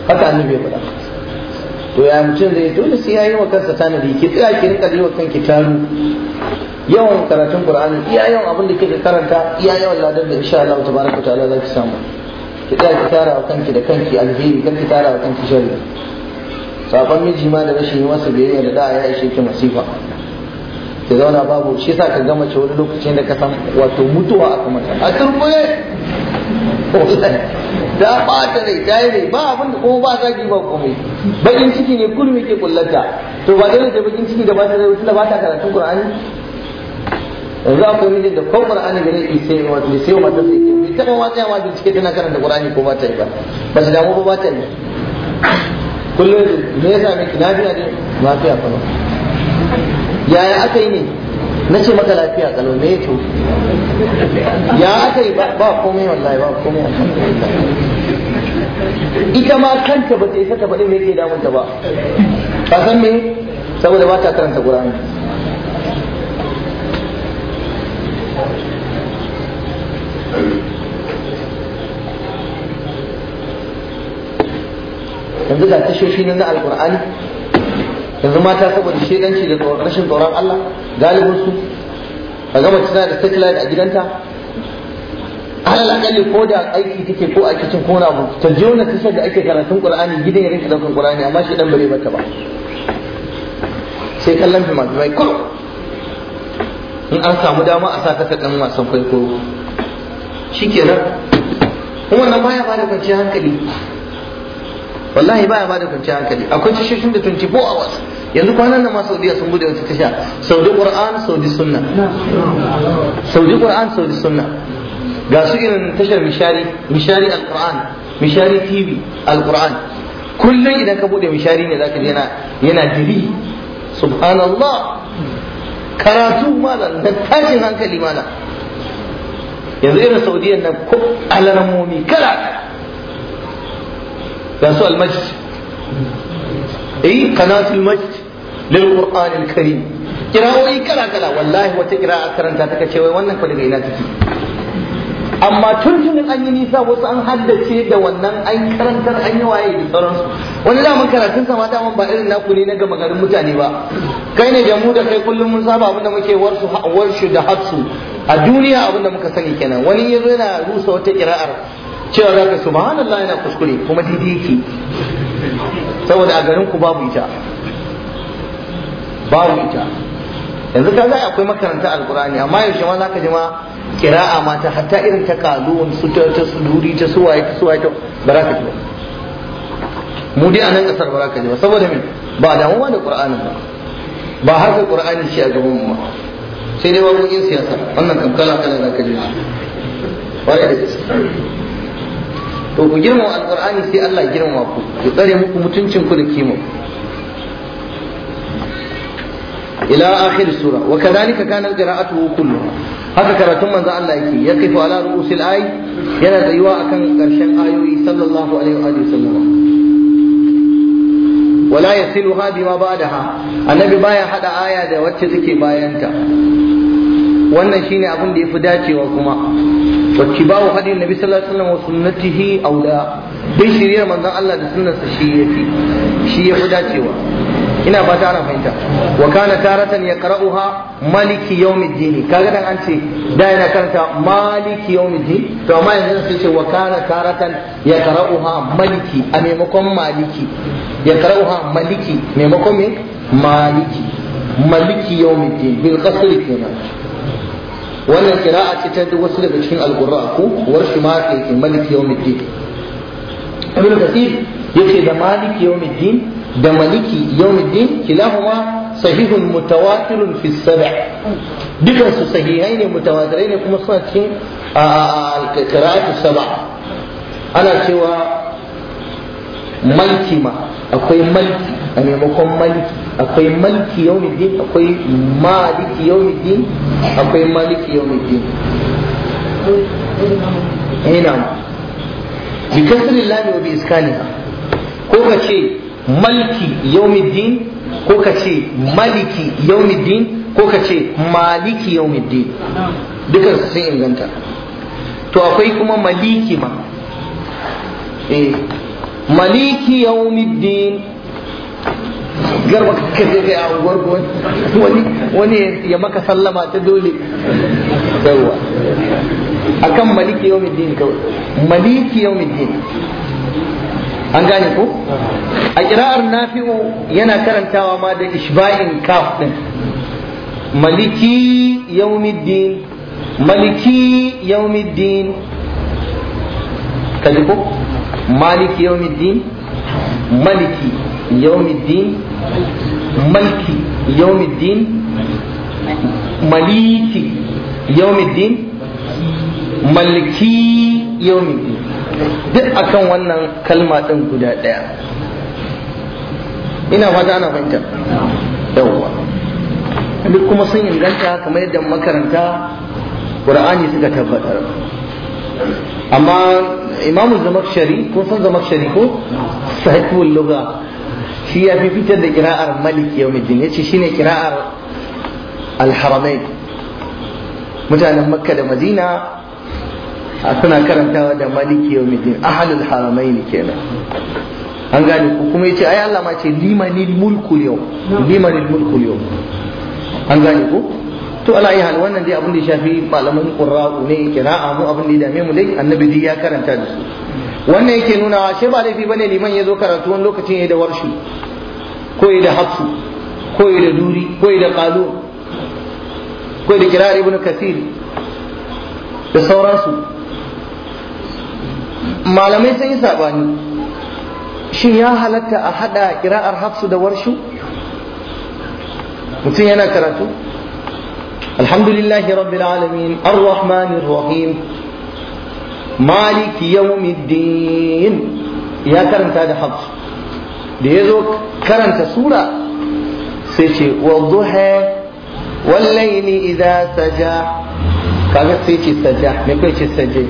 haka annabi ya faɗa to ya mutum zai dole sai yayi wa kansa tanadi ki tsaya ki rinka yi wa kanki taru yawan karatun qur'ani iya yawan abin da kika karanta iya yawan ladan da insha Allah tabaraka ta'ala zaki samu ki tsaya ki tara wa kanki da kanki alheri kar ki tara wa kanki sharri sakon miji ma da rashin yi masa biyayya da da'a ya ishe ki masifa ki zauna babu shi sa ka gama ce wani lokacin da ka san wato mutuwa aka mata a turbuye da bata rai ta yi rai ba abin da kuma ba zagi ba komai bakin ciki ne kurmi ke kullata to ba dole da bakin ciki da ba ta rai wata ba ta karatun qur'ani yanzu akwai mijin da ko qur'ani da ne sai wato sai mata sai ki ta ma tsaya ma bincike tana karanta qur'ani ko ba ta yi ba ba su damu ba ba ta yi kullum me yasa miki lafiya ne lafiya fa yaya aka yi ne na ce maka lafiya galo me ya ya aka yi ba komai wallahi ba komai alhamdulillah ita ma kanta ba ta isa ta faɗi me yake damunta ba ka san me saboda ba ta karanta Qur'ani yanzu ga tashoshi na alkur'ani yanzu mata saboda shedanci da rashin tsoron Allah galibin su a gama tana da satellite a gidanta alal akalli ko da aiki take ko a kicin ko na ta je tashar da ake karatun qur'ani gidan ya rinka daukan qur'ani amma shi dan bare mata ba sai kallon fima mai ko in an samu dama a sa ta ta dan wasan kwaikwayo shikenan kuma nan baya ba da kwanciyar hankali wallahi baya bada kwanciyar hankali akwai tashoshin da 24 hours yanzu kwanan nan ma Saudiya sun bude wata tasha Saudi Qur'an Saudi Sunna Saudi Qur'an Saudi Sunna ga su irin tashar mishari mishari al mishari TV al kullum idan ka bude mishari ne zaka ji yana yana diri subhanallah karatu malam da tashin hankali malam yanzu irin Saudiyan nan ko alaramomi kala ga su almasjid eh qanatul masjid lil qur'an al karim kirawoyi kala kala wallahi wata kira'a karanta ta kace wai wannan fa daga ina take amma tun an yi nisa wasu an haddace da wannan an karantar an yi waye da sauransu wani daman karatun sama daman ba irin naku ne na gama garin mutane ba kai ne da mu da kai kullum mun saba abinda muke warsu da hatsu a duniya abinda muka sani kenan wani yazo yana rusa wata kira'ar cewa za ka subhanallah yana kuskure kuma daidai yake saboda a garin ku babu ita babu ita yanzu ka ga akwai makaranta alkurani amma yaushe ma za ka ji ma kira'a mata ta hatta irin ta kazuwan su ta ta suduri ta suwaye ta suwaye ta ba za ka ji ba mu dai a nan kasar ba za ka ji ba saboda me ba damuwa da qur'anin ba ba har da qur'ani shi a gaban mu sai dai wakokin siyasa wannan kankala kala za ka ji ba da gaske to ku girmama alqur'ani sai Allah ya girmama ku ya tsare muku mutuncin ku da kima ila akhir sura wa kadhalika kana qira'atuhu kulluha haka karatun manzo Allah yake yakifu ala ru'usil ay yana tsayuwa akan karshen ayoyi sallallahu alaihi wa sallam wala yasiluha bima ba'daha annabi baya hada aya da wacce take bayanta wannan shine abin da yafi dacewa kuma واتباع هدي النبي صلى الله عليه وسلم وسنته أولى بين شريعة من ذا الله سنة الشيء شيء حداتي ina fata ana fahimta wa kana taratan yaqra'uha maliki yawmiddin kaga dan an ce da yana karanta maliki yawmiddin to amma yanzu sai ce wa kana taratan ya yaqra'uha maliki a maimakon maliki Ya yaqra'uha maliki maimakon me maliki maliki yawmiddin bil qasr kenan wannan kira'a ce ta wasu daga cikin alqurra ko war shi ma ke malik yawmiddin ibn kathir yace da malik yawmiddin da maliki yawmiddin kilahuma sahihun mutawatirun fi sab'a dukan su sahihai ne mutawatirai ne kuma suna cikin qira'atu sab'a ana cewa malki ma akwai malki a maimakon maliki akwai maliki yawmiddin akwai maliki yawmiddin akwai maliki yawmiddin ina bi kasri lillahi wa bi iskani ko ka ce maliki yawmiddin ko ka ce maliki yawmiddin ko ka ce maliki yawmiddin dukan sun inganta to akwai kuma maliki ma eh maliki yawmiddin garba ka kai a unguwar wani wani ya maka sallama ta dole yawa akan maliki yawmiddin kawai maliki yawmiddin an gane ko a kira'ar nafi'u yana karantawa ma da ishba'in kaf din maliki yawmiddin maliki yawmiddin kaji ko maliki yawmiddin maliki الدين malki يوم maliki ملكي maliki الدين duk akan wannan kalma din guda daya ina fata ana fahimta yawwa duk kuma sun inganta kamar yadda makaranta qur'ani suka tabbatar amma imamu zamakshari ko san zamakshari ko sahihul lugha shi ya fi fitar da kira'ar malik yawmiddin yace shine kira'ar Alharamai mutanen makka da madina suna karantawa da malik yawmiddin ahlul haramain kenan an gane ku kuma yace ai Allah ma ce limanil mulku yau limanil mulku yau an gane ku to ala yi hal wannan dai abin da shafi malaman qurra'u ne kira'a mu abin da ya dame mu dai annabi dai ya karanta da su wannan yake nuna ashe ba laifi bane liman ya zo karatu wani lokacin ya da warshi ko ya da hafsu ko ya da duri ko ya da qalu ko ya da kirar ibnu kathir da sauransu malamai sun yi sabani shin ya halatta a hada kira'ar hafsu da warshu mutum yana karatu alhamdulillahi rabbil alamin ar-rahmanir rahim maliki yawmiddin ya karanta da hafs da ya zo karanta sura sai ce wa duha wallaili idza saja kaga sai ce saja me kai ce saje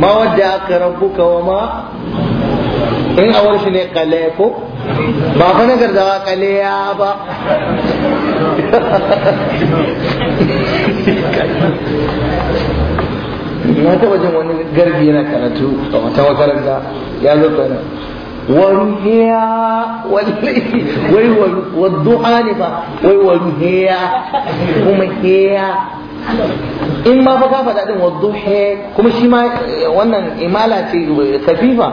ma wadda aka rabbuka in ne ba fa na gardawa kale ba na taɓa jin wani garbi yana karatu a wata makaranta ya zo kana waruhiya wai wadduha ne fa wai waruhiya kuma heya in ma fa ka faɗa din wadduhe kuma shi ma eh, wannan imala ce eh, kafifa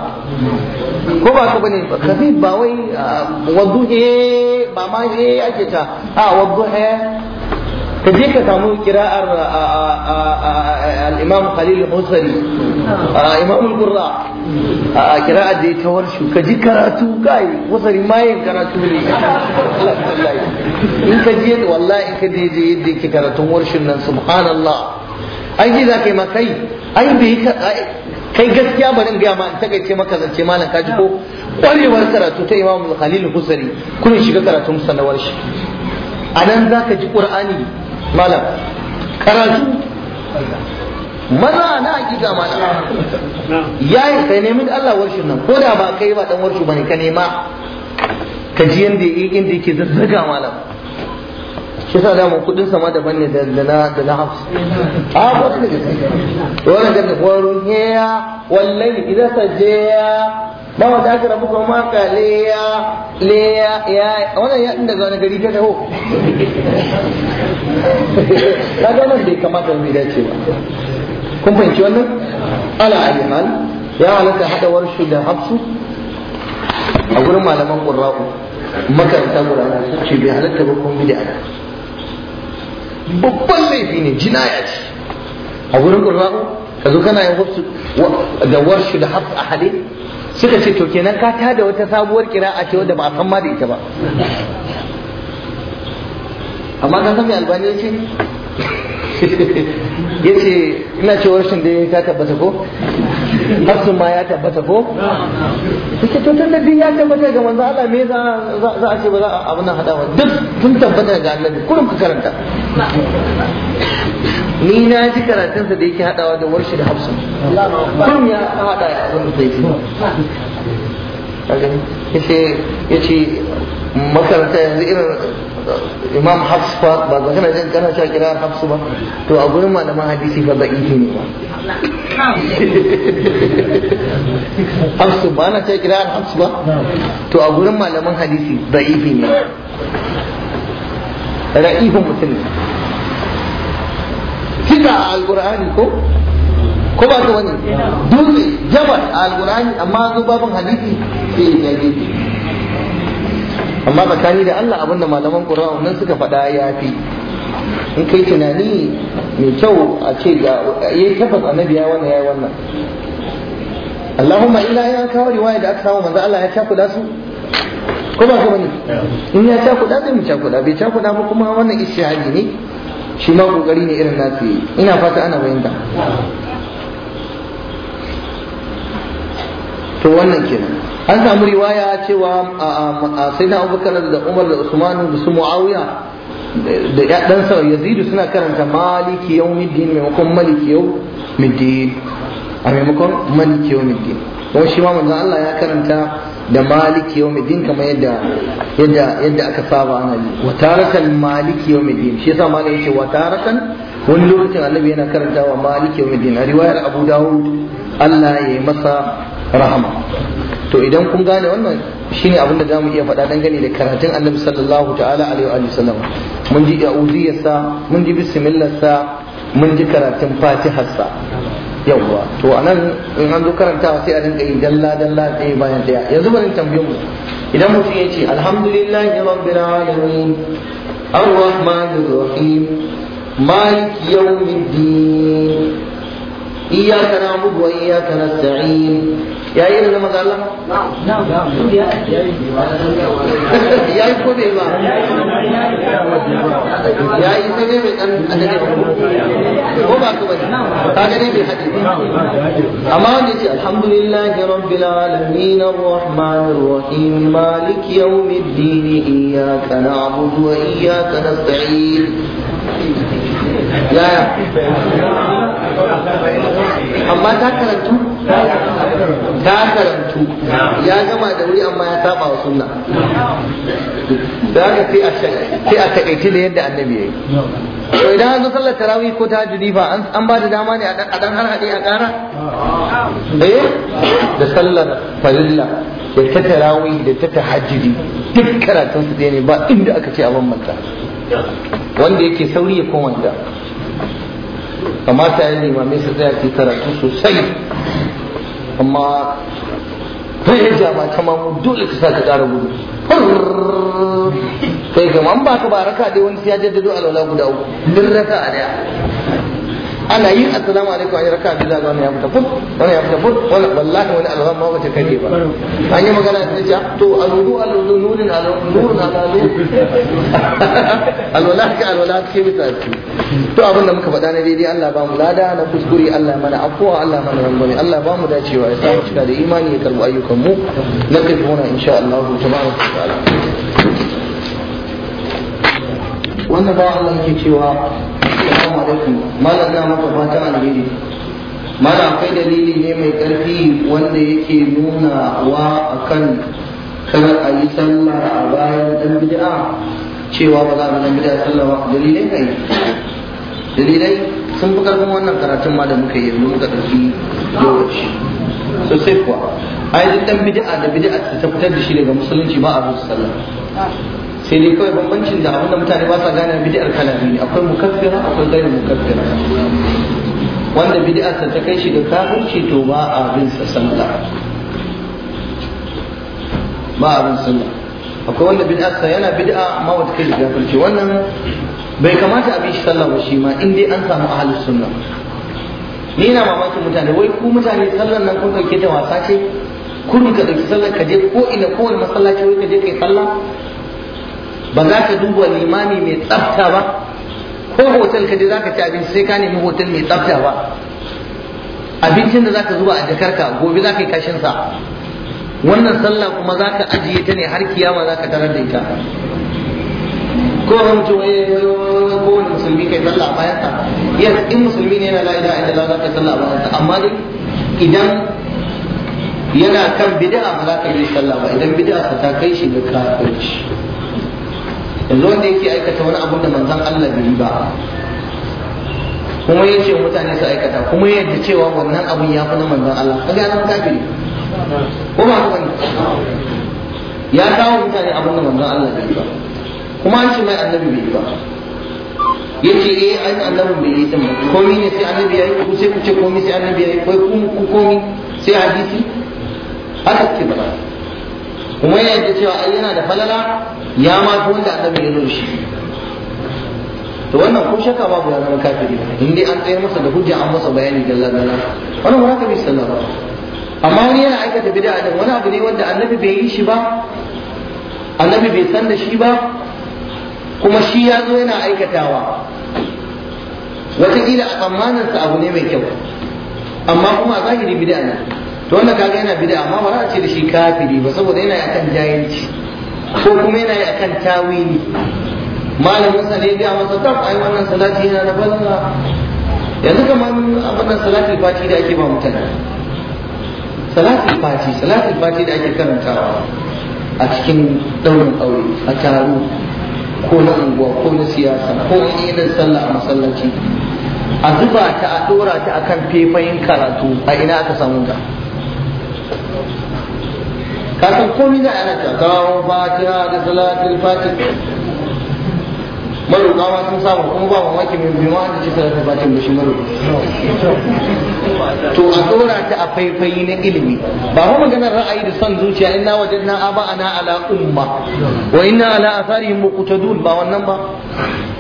ko ba ka bane kafif ba wai ah, wadduhe ba ma he ake ta a ah, wadduhe ka je ka samu kira'ar al-imam khalil musari imam al-qurra kira'ar da ya tawar shi ka ji karatu kai musari mayin karatu ne in ka je wallahi in ka je yadda yake karatun warshin nan subhanallah ai ji za ka yi masai ai bai kai gaskiya bari in gaya ma in takaice maka zance malam kaji ko kwarewar karatu ta imam khalil husari kun shiga karatun musanawar shi a nan za ka ji ƙur'ani malam karatu maza na hakika malam yayi kai nemi da Allah warshin nan ko da ba kai ba dan warshu bane ka nema ka ji yanda inda yake zazzaga malam shi sa da kudin sama da ne da na da na hafs a ko da wannan da ko ruhiya wallahi idan ya. dan wanda aka rabu kuma maka leya leya ya wannan ya inda zaune gari ta taho ka ga nan bai kamata mu da cewa. kun fahimci wannan ala ayyuhal ya halatta hada warshi da hafsu a gurin malaman qurra'u makaranta qur'ani sun ce bai halatta ba kun bid'a babban laifi ne jinaya ce a gurin qurra'u kazo kana yin hafsu da warshi da hafsu a hadin suka ce to kenan ka tada wata sabuwar kira'a ce wanda ba a san ma da ita ba amma ka san mai albani yace yace ina cewa shin dai ta tabbata ko hasu ma ya tabbata ko yace to tun da duk ya tabbata ga manzo Allah me za za a ce ba za a abin nan hadawa duk tun tabbata ga annabi kullum ka karanta ni na ji karatunsa da yake hadawa da warshi da hafsa kun ya hada ya zama da zai ya ce makaranta yanzu irin uh, imam hafs fa ba ga kana jin kana cewa kira ba to a gurin malaman hadisi fa za ihi ne ba hafs ba na cewa kira ba to a gurin malaman hadisi da ihi ne ra'ihun mutum ne dutsa a alkur'ani ko ko ba ka wani dutse jabal a alkur'ani amma zo babin hadisi sai ya gefe amma tsakani da Allah abin da malaman qur'ani nan suka faɗa ya fi in kai tunani mai kyau a ce ga yayi tabbas annabi ya wannan yayi wannan Allahumma illa ya kawo riwaya da aka samu manzo Allah ya cakuda su ko ba ka bane in ya cakuda zai mu cakuda bai cakuda ba kuma wannan ishihadi ne shi ma kokari ne irin nasu yi ina fata ana fahimta to wannan kenan an samu riwaya cewa sai na abubakar da umar da Usmanu da su muawiya da ɗan sa yazidu suna karanta maliki yau middin maimakon maliki yau middin a maimakon maliki yau middin wani shi ma manzan Allah ya karanta da maliki yau din kamar yadda yadda yadda aka saba ana yi wa tarakan maliki yau din shi yasa malai yace wa tarakan wani lokacin annabi yana karanta wa maliki yau din a riwayar abu dawud Allah ya yi masa rahama to idan kun gane wannan shine abin da zamu iya faɗa dangane da karatun annabi sallallahu ta'ala alaihi wa sallam mun ji ya'udiyarsa mun ji mun ji karatun fatihar yawwa to anan in an zo karantawa sai a dinga yin dalla dalla ɗaya bayan daya yanzu bari tambayin mu idan mutum ya ce alhamdulillahi rabbil alamin arrahmanir rahim maliki yawmiddin إياك نعبد وإياك نستعين يا إيه لما قال لهم نعم نعم نعم يا إيه يا إيه كوبي ما يا إيه سمي من أن أدري هو ما كوبي تاجري في حديث أما نجي الحمد لله رب العالمين الرحمن الرحيم مالك يوم الدين إياك نعبد وإياك نستعين يا يا amma ta karantu ta karantu ya gama da wuri amma ya saba wa sunna da haka sai a takaici da yadda annabi ya yi to idan an zo sallar tarawih ko ta judi ba an ba da dama ne a dan har hade a kara eh da sallar farilla da ta tarawih da ta tahajjudi duk karatun su ne ba inda aka ce a bambanta wanda yake sauri ya koma da kamata yin limame su tsaya ke karatu sosai amma fahimta jama ta mamu dole ka sa ka ƙara gudu kai gama an ba ka baraka dai wani ya jaddado alwala guda uku din raka a daya ana yin assalamu alaikum ayi raka'a biyu zaga ya fita fut wannan ya fita fut wallahi wani alwan ma bata kare ba an yi magana ta ce to alwudu alwudu nurin alwudu alalu alwala ka alwala ke misali to abin da muka faɗa na daidai Allah ba mu lada na kuskure Allah mana afuwa Allah mana rangwame Allah ba mu dacewa ya samu cika da imani ya karbi ayyukan mu na kai muna insha Allah tabaraka wa ta'ala wannan ba Allah yake cewa assalamu alaikum malam na maka fatan alheri malam kai dalili ne mai karfi wanda yake nuna wa akan kar a yi sallah a bayan dan bid'a cewa ba za a dan bid'a sallah ba dalilai kai dalilai sun fi karfin wannan karatun ma da muka yi yanzu muka ɗauki lokaci sosai kuwa ai duk dan bid'a da bid'a ta fitar da shi daga musulunci ba a zuwa sallah sai dai kawai bambancin da abinda mutane ba sa gane bid'ar kalami akwai mukaffira akwai gairu mukaffira wanda bid'ar ta kai shi ga kafirci to ba a abin sa sallah ba a abin sallah akwai wanda bid'ar sa yana bid'a amma wata kai kafirci wannan bai kamata a bi shi sallah ba shi ma in dai an samu ahlus sunna ni na mamakin mutane wai ku mutane sallar nan kun dauke ta wasa ce kurun ka dauki sallar ka je ko ina kowane masallaci wai ka je kai sallah ba za ka duba limami mai tsafta ba ko hotel ka je za ka ci abinci sai ka nemi hotel mai tsafta ba abincin da za ka zuba a jakarka gobe za ka yi kashinsa wannan sallah kuma za ka ajiye ta ne har kiyama za ka tarar da ita ko wani mutum ya ko wani musulmi kai sallah bayan ta yes in musulmi ne yana la ilaha illallah za ka sallah bayan ta amma dai idan yana kan bid'a ba za ka yi sallah ba idan bid'a ta kai shi ga kafirci yanzu wanda yake aikata wani abu da manzan Allah bai yi ba kuma ya ce mutane su aikata kuma yadda cewa wannan abun ya fi na manzan Allah kaga ya zama kafiri ko ba ku bane ya kawo mutane abun da manzan Allah bai yi ba kuma an ce mai annabi bai yi ba yace eh an annabin bai yi din komai ne sai annabi yayi ku sai ku ce komai sai annabi yayi kai ku komi sai hadisi haka ke ba kuma ya da cewa ai yana da falala ya ma fi wanda annabi ya zo shi to wannan ko shakka babu ya zama kafiri in dai an tsayar masa da hujja an masa bayani dalla dalla wannan ba ka bi sallallahu amma wani yana aikata bid'a din wani abu ne wanda annabi bai yi shi ba annabi bai san da shi ba kuma shi ya zo yana aikatawa wataƙila a tsammaninsa abu ne mai kyau amma kuma a zahiri bid'a ne to wanda kaga yana bid'a amma ba za a ce da shi kafiri ba saboda yana akan jahilci ko kuma yana akan tawili malamin musa ne ga masa tab ai wannan salati yana da banza yanzu kamar abin salati fati da ake ba mutane salati fati salati fati da ake karantawa a cikin daurin aure a taro ko na unguwa ko na siyasa ko na irin sallah a masallaci a zuba ta a dora ta akan fefayin karatu a ina aka samu ta ka san komai za a ana ta kawo fatiha da salatul fatiha maroƙa ma sun samu kuma ba mamaki mai bima da ce salatul fatiha da shi maroƙa to a tsora ta a faifai na ilimi ba fa maganar ra'ayi da son zuciya inna wajadna aba'ana ala umma wa inna ala atharihim muqtadun ba wannan ba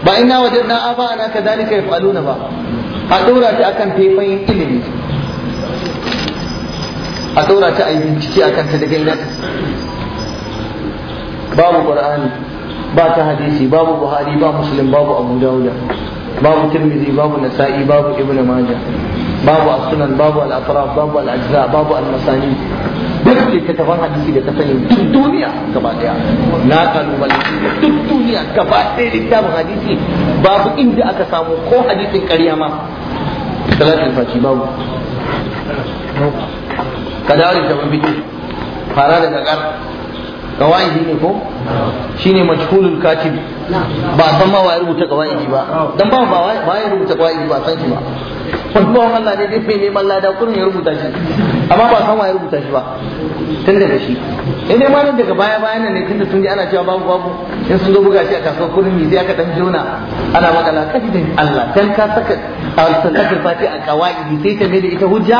ba inna wajadna aba'ana kadhalika yaf'aluna ba a dora ta akan faifayin ilimi a ɗora ta a yi bincike a kanta daga ina ta babu qur'ani ba ta hadisi babu buhari ba musulun babu abu dauda babu tirmidhi babu nasa'i babu ibnu majah babu Asunan, babu al-atraf babu al-ajza babu al-masani duk littattafan hadisi da ta sani duk duniya gaba daya na kalubalanci duk duniya gaba daya littafin hadisi babu inda aka samu ko hadisin ƙarya ma salatul fati babu ka dawo da taban biki fara daga kar kawaidi ne ko shine majhulul katib ba san ma waye rubuta kawaidi ba dan ba ba waye rubuta kawaidi ba san shi ba wani ba Allah ne dai mai neman lada kurin ya rubuta shi amma ba san waye rubuta shi ba tun daga shi in dai malam daga baya bayan ne tunda sun ji ana cewa babu babu in sun zo buga shi a kasuwar kurmi sai aka dan jona ana magana kaji da Allah dan ka saka salatul fati a kawai sai ta mai ita hujja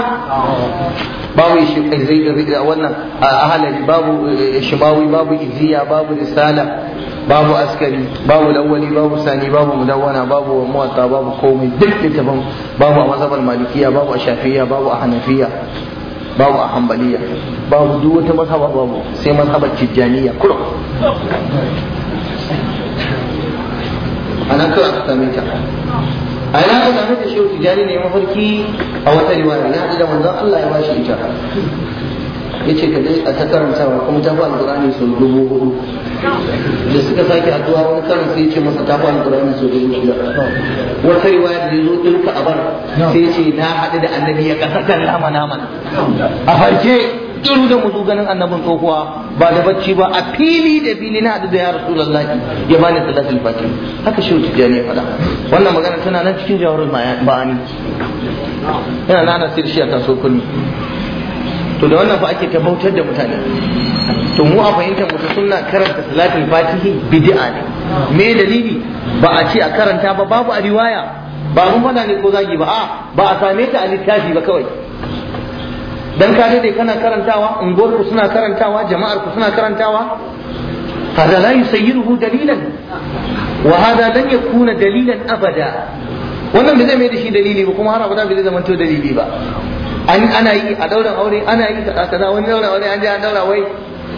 babu shi eh, zai wannan ahalin babu eh, shibawi babu iziya babu risala babu askari babu lawali babu sani babu mudawwana babu muwatta babu komai duk littafin babu a mazhabar malikiya babu a shafiya babu a hanafiya babu a hambaliya babu duk wata mazhaba babu sai mazhabar tijjaniya kurum ana kawai aka same ta a yana ka same da shehu tijjani ne mafarki a wata riwaya ya haɗu da manzon Allah ya bashi ita ya ce ka dai a ta karantawa kuma ta fi alƙur'ani sau dubu hudu da suka sake addu'a wani karin sai ce masa ta fara Qur'ani so da yake wata riwaya da yazo dinka a bar sai ce na haɗu da annabi ya kasata nama nama a harke in da musu ganin annabin tsohuwa ba da bacci ba a fili da fili na haɗu da ya rasulullahi ya bani salatul fatih haka shi wuce ya faɗa wannan magana tana nan cikin jawarul bayani yana nana sirshi a taso kullu to da wannan fa ake ta bautar da mutane to mu a fahimtar mu sunna karanta salatul fatihi bid'a ne me dalili ba a ce a karanta ba babu a riwaya ba mun fada ne ko zagi ba a ba a same ta a littafi ba kawai dan ka dai kana karantawa unguwar ku suna karantawa jama'ar ku suna karantawa hada la yusayyiruhu dalilan wa hada lan yakuna dalilan abada wannan bai zai mai da shi dalili ba kuma har abada bai zai zamanto dalili ba an ana yi a dauran aure ana yi kaza wani dauran aure an je an daura wai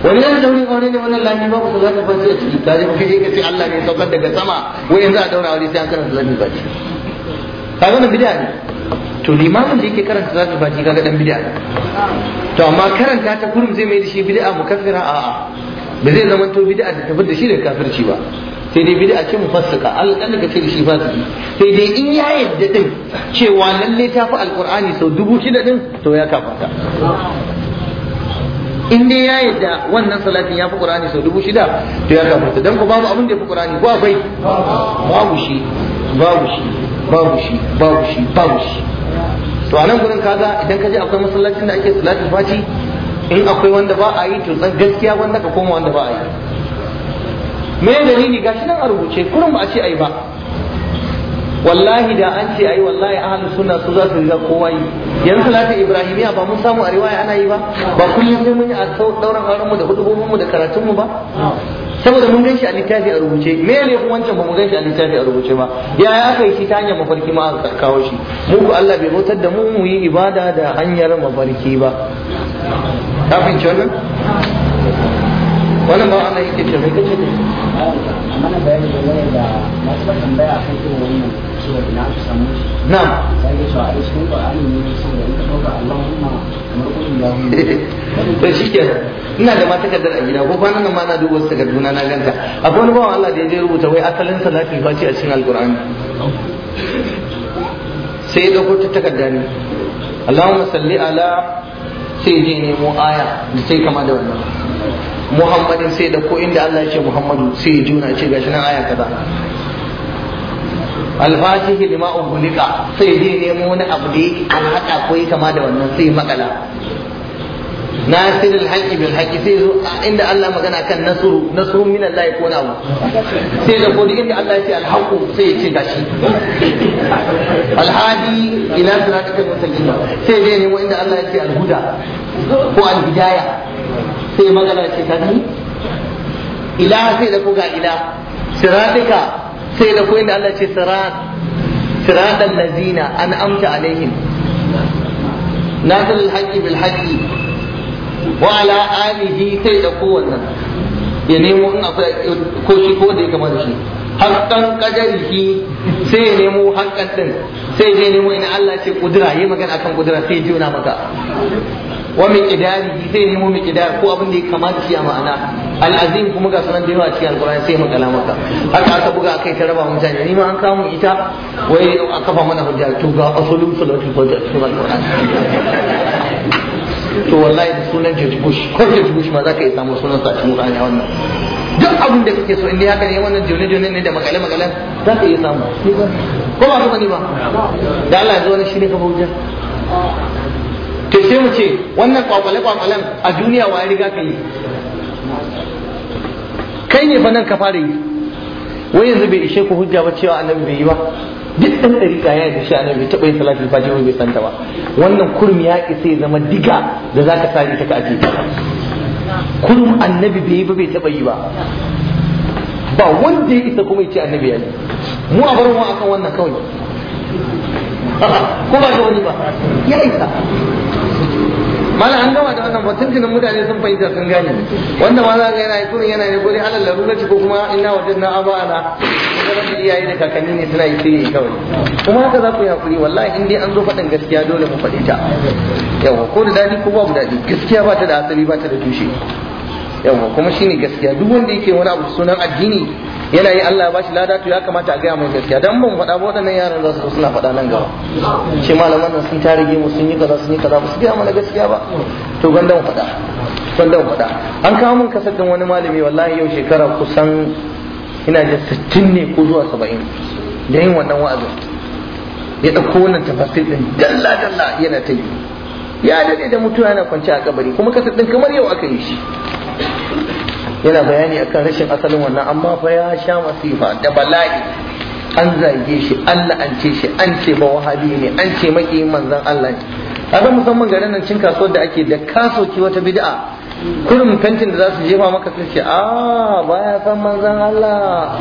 wani zan daure wani ne wannan lami babu salatul fatiha ciki ka je kai ka ce Allah ne saukar daga sama wai yanzu a daura wani sai an karanta salatul fatiha kaga wannan bid'a ne to limamin da yake karanta salatul fatiha kaga dan bid'a ne to amma karanta ta kurum zai mai da shi bid'a mukaffira a'a ba zai zama to bid'a da tafi da shi da kafirci ba sai dai bid'a ce mufassika alƙalla ka ce da shi fasiki sai dai in ya yadda din cewa lalle ta fi Alƙur'ani sau dubu shida din to ya kafa ta in dai ya yadda wannan salatin ya fi qur'ani sau dubu shida to ya kamata dan ko babu abin da ya fi qur'ani ko akwai babu shi babu shi babu shi babu shi babu shi to a nan gurin kaga idan ka je akwai masallacin da ake salatin fati in akwai wanda ba a yi to gaskiya wanda ka koma wanda ba a yi me dalili gashi nan a rubuce kurin ba a ce ai ba wallahi da an ce ai wallahi ahlus sunna su za su riga kowa yi yanzu salati ibrahimiya ba mun samu a riwaya ana yi ba ba kullum sai mun yi a dauran auren mu da hudubobin mu da karatun mu ba saboda mun ganshi a littafi a rubuce me ne kuma wancan ba mun ganshi a littafi a rubuce ba yaya aka yi shi ta hanyar mafarki ma aka kawo shi mu ku Allah bai bautar da mu mu yi ibada da hanyar mafarki ba ka fahimci wannan wannan ba ana yake ce mai kace ne a mana bayani da masu tambaya kan wannan ina shi ina da mata a gida ko kwanan nan ma na dubo na ganta akwai wani bawan Allah da ya je rubuta wai asalin salatin faci a cikin al sai ya dauko ta takarda ne Allahumma salli ala sai je aya da sai kama da wannan Muhammadin sai da ko inda Allah ya ce Muhammadu sai ya juna ce gashi nan aya kaza alfatihi lima ubulika sai zai nemo wani abu da yake haɗa ko kama da wannan sai makala nasirul haqqi bil haqqi sai zo inda Allah magana kan nasru nasru min Allah ko na sai da kodi inda Allah ya ce alhaqu sai ya ce gashi alhadi ila siratal mustaqim sai zai nemo inda Allah ya ce alhuda ko albidaya sai magana ce ta ni ila sai da ko ga ila siratika sai da koyin da Allah ce siratan siratal lazina an amta alaihim nazil haqqi bil haqqi wa ala alihi sai da kowannan ya nemo in akwai ko shi ko da ya kama da shi haƙƙan ƙadarihi sai ya nemo haƙƙan ɗin sai ya nemo ina Allah ce kudura yi magana akan kudura sai ya ji maka wa miqdarihi zai nemo miqdar ko abin da ya kamata shi a ma'ana al'azim kuma ga sanan da yawa cikin alqur'ani sai mu kala ka. haka aka buga akai ta raba mutane ni ma an kawo ita wai a kafa mana hujja to ga asulun sulatul hujja cikin alqur'ani to wallahi da sunan George Bush ko George Bush ma ka yi samu sunan sa cikin Qur'ani wannan duk abin da kake so in dai haka ne wannan jone-jone ne da makale-makale za ka iya samu ko ba ka bane ba da Allah ya zo wani shi ne ka hujja to sai mu ce wannan kwakwale kwakwalen a duniya wa ya riga ka yi kai ne fa nan ka fara yi wai yanzu bai ishe ku hujja ba cewa annabi bai yi ba duk dan ɗari ya da shi annabi bai taɓa yin salatul fajr bai san ta ba wannan kurum ya ki sai zama diga da zaka sa ta ka aje kurum annabi bai yi ba bai taɓa yi ba ba wanda ya isa kuma ya ce annabi ya yi mu a bar mu akan wannan kawai ko ba ga wani ba ya isa mala an gama da wannan batun tunan mutane sun fahimta sun gane wanda ma za ka yana kurin yana ne gori alal larurati ko kuma inna wajadna abana kuma da iyaye da kakanni ne suna yi sai kawai kuma haka za ku yi hakuri wallahi in dai an zo faɗin gaskiya dole mu faɗi ta yawa ko da dadi ko babu dadi gaskiya ba ta da asali ba ta da tushe yawa kuma shine gaskiya duk wanda yake wani abu sunan addini yana yi Allah ba shi lada to ya kamata a gaya mai gaskiya dan ban faɗa ba waɗannan yaran za su zo suna faɗa nan gaba shi malaman nan sun tarige mu sun yi kaza sun yi kaza ba su gaya mana gaskiya ba to gwandan faɗa gwandan faɗa an kawo min kasar don wani malami wallahi yau shekara kusan ina da 60 ne ko zuwa 70 da yin wannan wa'azin ya ɗauko wannan tafasir ɗin dalla dalla yana ta yi ya daɗe da mutuwa yana kwance a kabari kuma kasar ɗin kamar yau aka yi shi yana bayani akan rashin asalin wannan amma fa ya sha masifa da bala'i an zage shi Allah an ce shi an ce ba wahabi ne an ce maki manzon Allah ne kaga musamman garin nan cin kasuwar da ake da kasoki wata bid'a kurin fentin da za su jefa maka sun ce a ah, baya san manzon Allah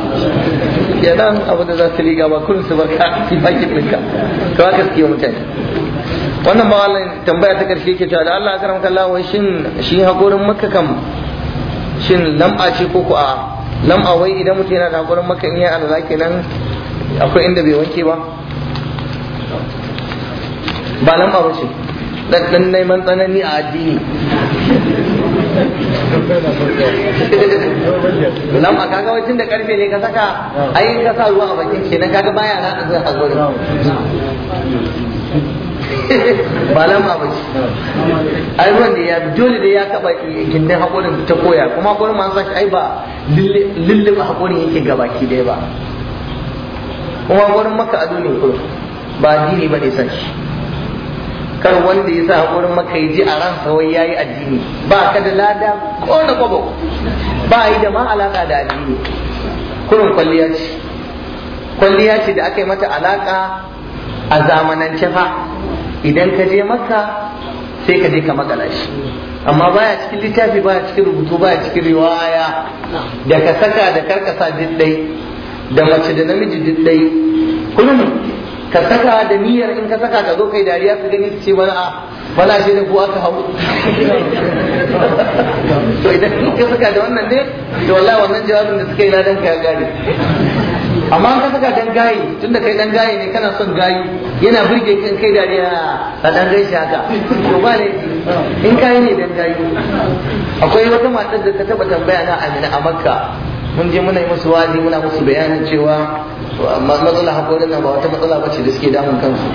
dan abu da za su riga ba kurin su barka ki baki dinka to haka suke mutane wannan ba tambaya ta karshe yake cewa da Allah ya karamka Allah wai shin shi hakorin makka kam shin lam'a ce ko ku a lam'a wai idan mutum yana da hakurin maka iya yi nan, akwai inda bai wanke ba ba lam'a ba ce ɗanɗan neman tsanani a addini lam'a kaga wajen da karfe ne ka saka ayin ka sa ruwa a bakin na kaga baya na a zuwa ba lamba ba ce ai ruwan da ya dole da ya taba gindin haƙorin ta koya kuma haƙorin ma sa ai ba lulluɓa haƙorin yake ga baki dai ba kuma haƙorin maka ado ne ko ba dini ba ne sa kar wanda ya sa haƙorin maka ya ji a ran wai ya yi addini ba ka da lada ko na kwabo ba yi da ma alaka da addini kurin kwalliya ce kwalliya ce da aka yi mata alaƙa a zamanance fa idan ka je makka sai ka je ka magana shi amma baya cikin littafi baya cikin rubutu baya cikin riwaya da ka saka da karkasa diddai da mace da namiji diddai kullum ka saka da niyyar in ka saka ka zo kai dariya su gani ce mana a ah, bala shi da kuwa ka hau to idan ka saka da wannan ne to wallahi wannan jawabin da suka yi na dan ka gane amma ka saka dan tunda kai dan gayi ne kana son gayi yana burge kan kai dariya a dan gayi haka to ba ne in kai ne dan gayi akwai wata matar da ta taba tambaya na Amina a Makka mun je muna yi musu wazi muna musu bayanin cewa matsala hakorin nan ba wata matsala bace da suke damun kansu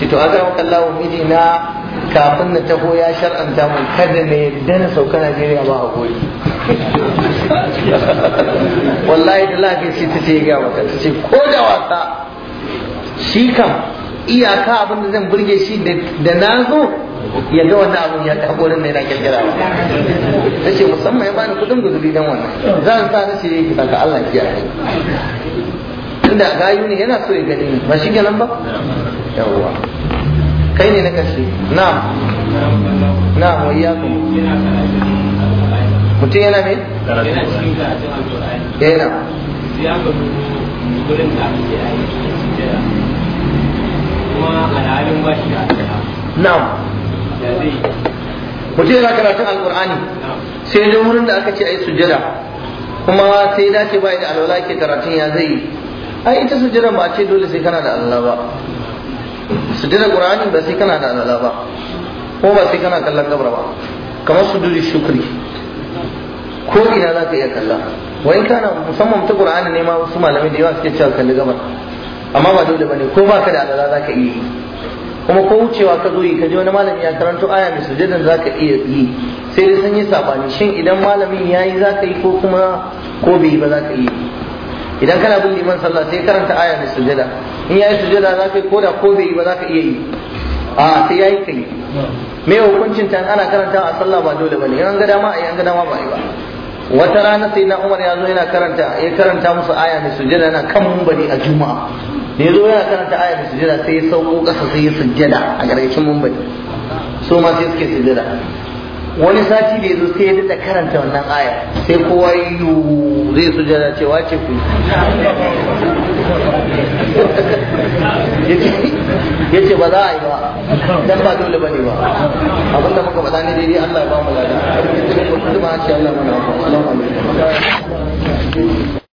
ce to aga maka Allah miji na kafin na taho ya shar'anta mun kada ne yadda na sauka Najeriya ba hakuri wallahi da lafi shi ta ce ga mata ta ce ko da wasa shi kam iyaka abin da zan burge shi da na zo ya ga wannan abin ya ta da mai na kirkira ba ta ce musamman ya bani kudin guzuri don wannan zan sa na ce kisa ga Allah ki yare tunda gayu ne yana so ya gani ne, ba shi nan ba yawwa kai ne na kashe na'am na'am wa iyyakum mutum yana ne yana na'am mutum yana karatun alkur'ani sai dai wurin da aka ce a yi sujada, kuma sai dace bai da alwala ke karatun ya zai yi ai ita sujada ba ce dole sai kana da alwala ba sujada qur'ani ba sai kana da alwala ba ko ba sai kana kallon kabra ba kamar su duri shukri ko ina za ka iya kalla wai kana musamman ta qur'ani ne ma wasu malamai da yawa suke cewa kalli gabar amma ba dole bane ko baka da alala za ka iya yi kuma ko wucewa ka zo yi ka je wani malami ya karanto aya mai sujadan za ka iya yi sai dai sun yi sabani shin idan malamin ya yi za ka yi ko kuma ko bai yi ba za ka yi idan kana bin liman sallah sai karanta aya mai sujada in ya yi sujada za ka yi ko da ko bai yi ba za ka iya yi a sai ya yi ka yi me hukuncin ta ana karanta a sallah ba dole ba ne in an ga dama a yi an ga dama ba yi ba wata rana sai na umar ya zo yana karanta ya karanta musu aya mai sujjada yana kan mumbari a juma'a da zo yana karanta aya mai sujada sai ya sauko kasa sai ya sujjada a ƙarƙashin mumbari su ma sai suke sujada. wani sati da yazo sai ya dada karanta wannan aya sai kowa yu zai su jada cewa ce ku ya ce ba za a yi ba dan ba dole ba ne ba abinda muka faɗa ne daidai Allah ya ba mu lada ba ce Allah mana ba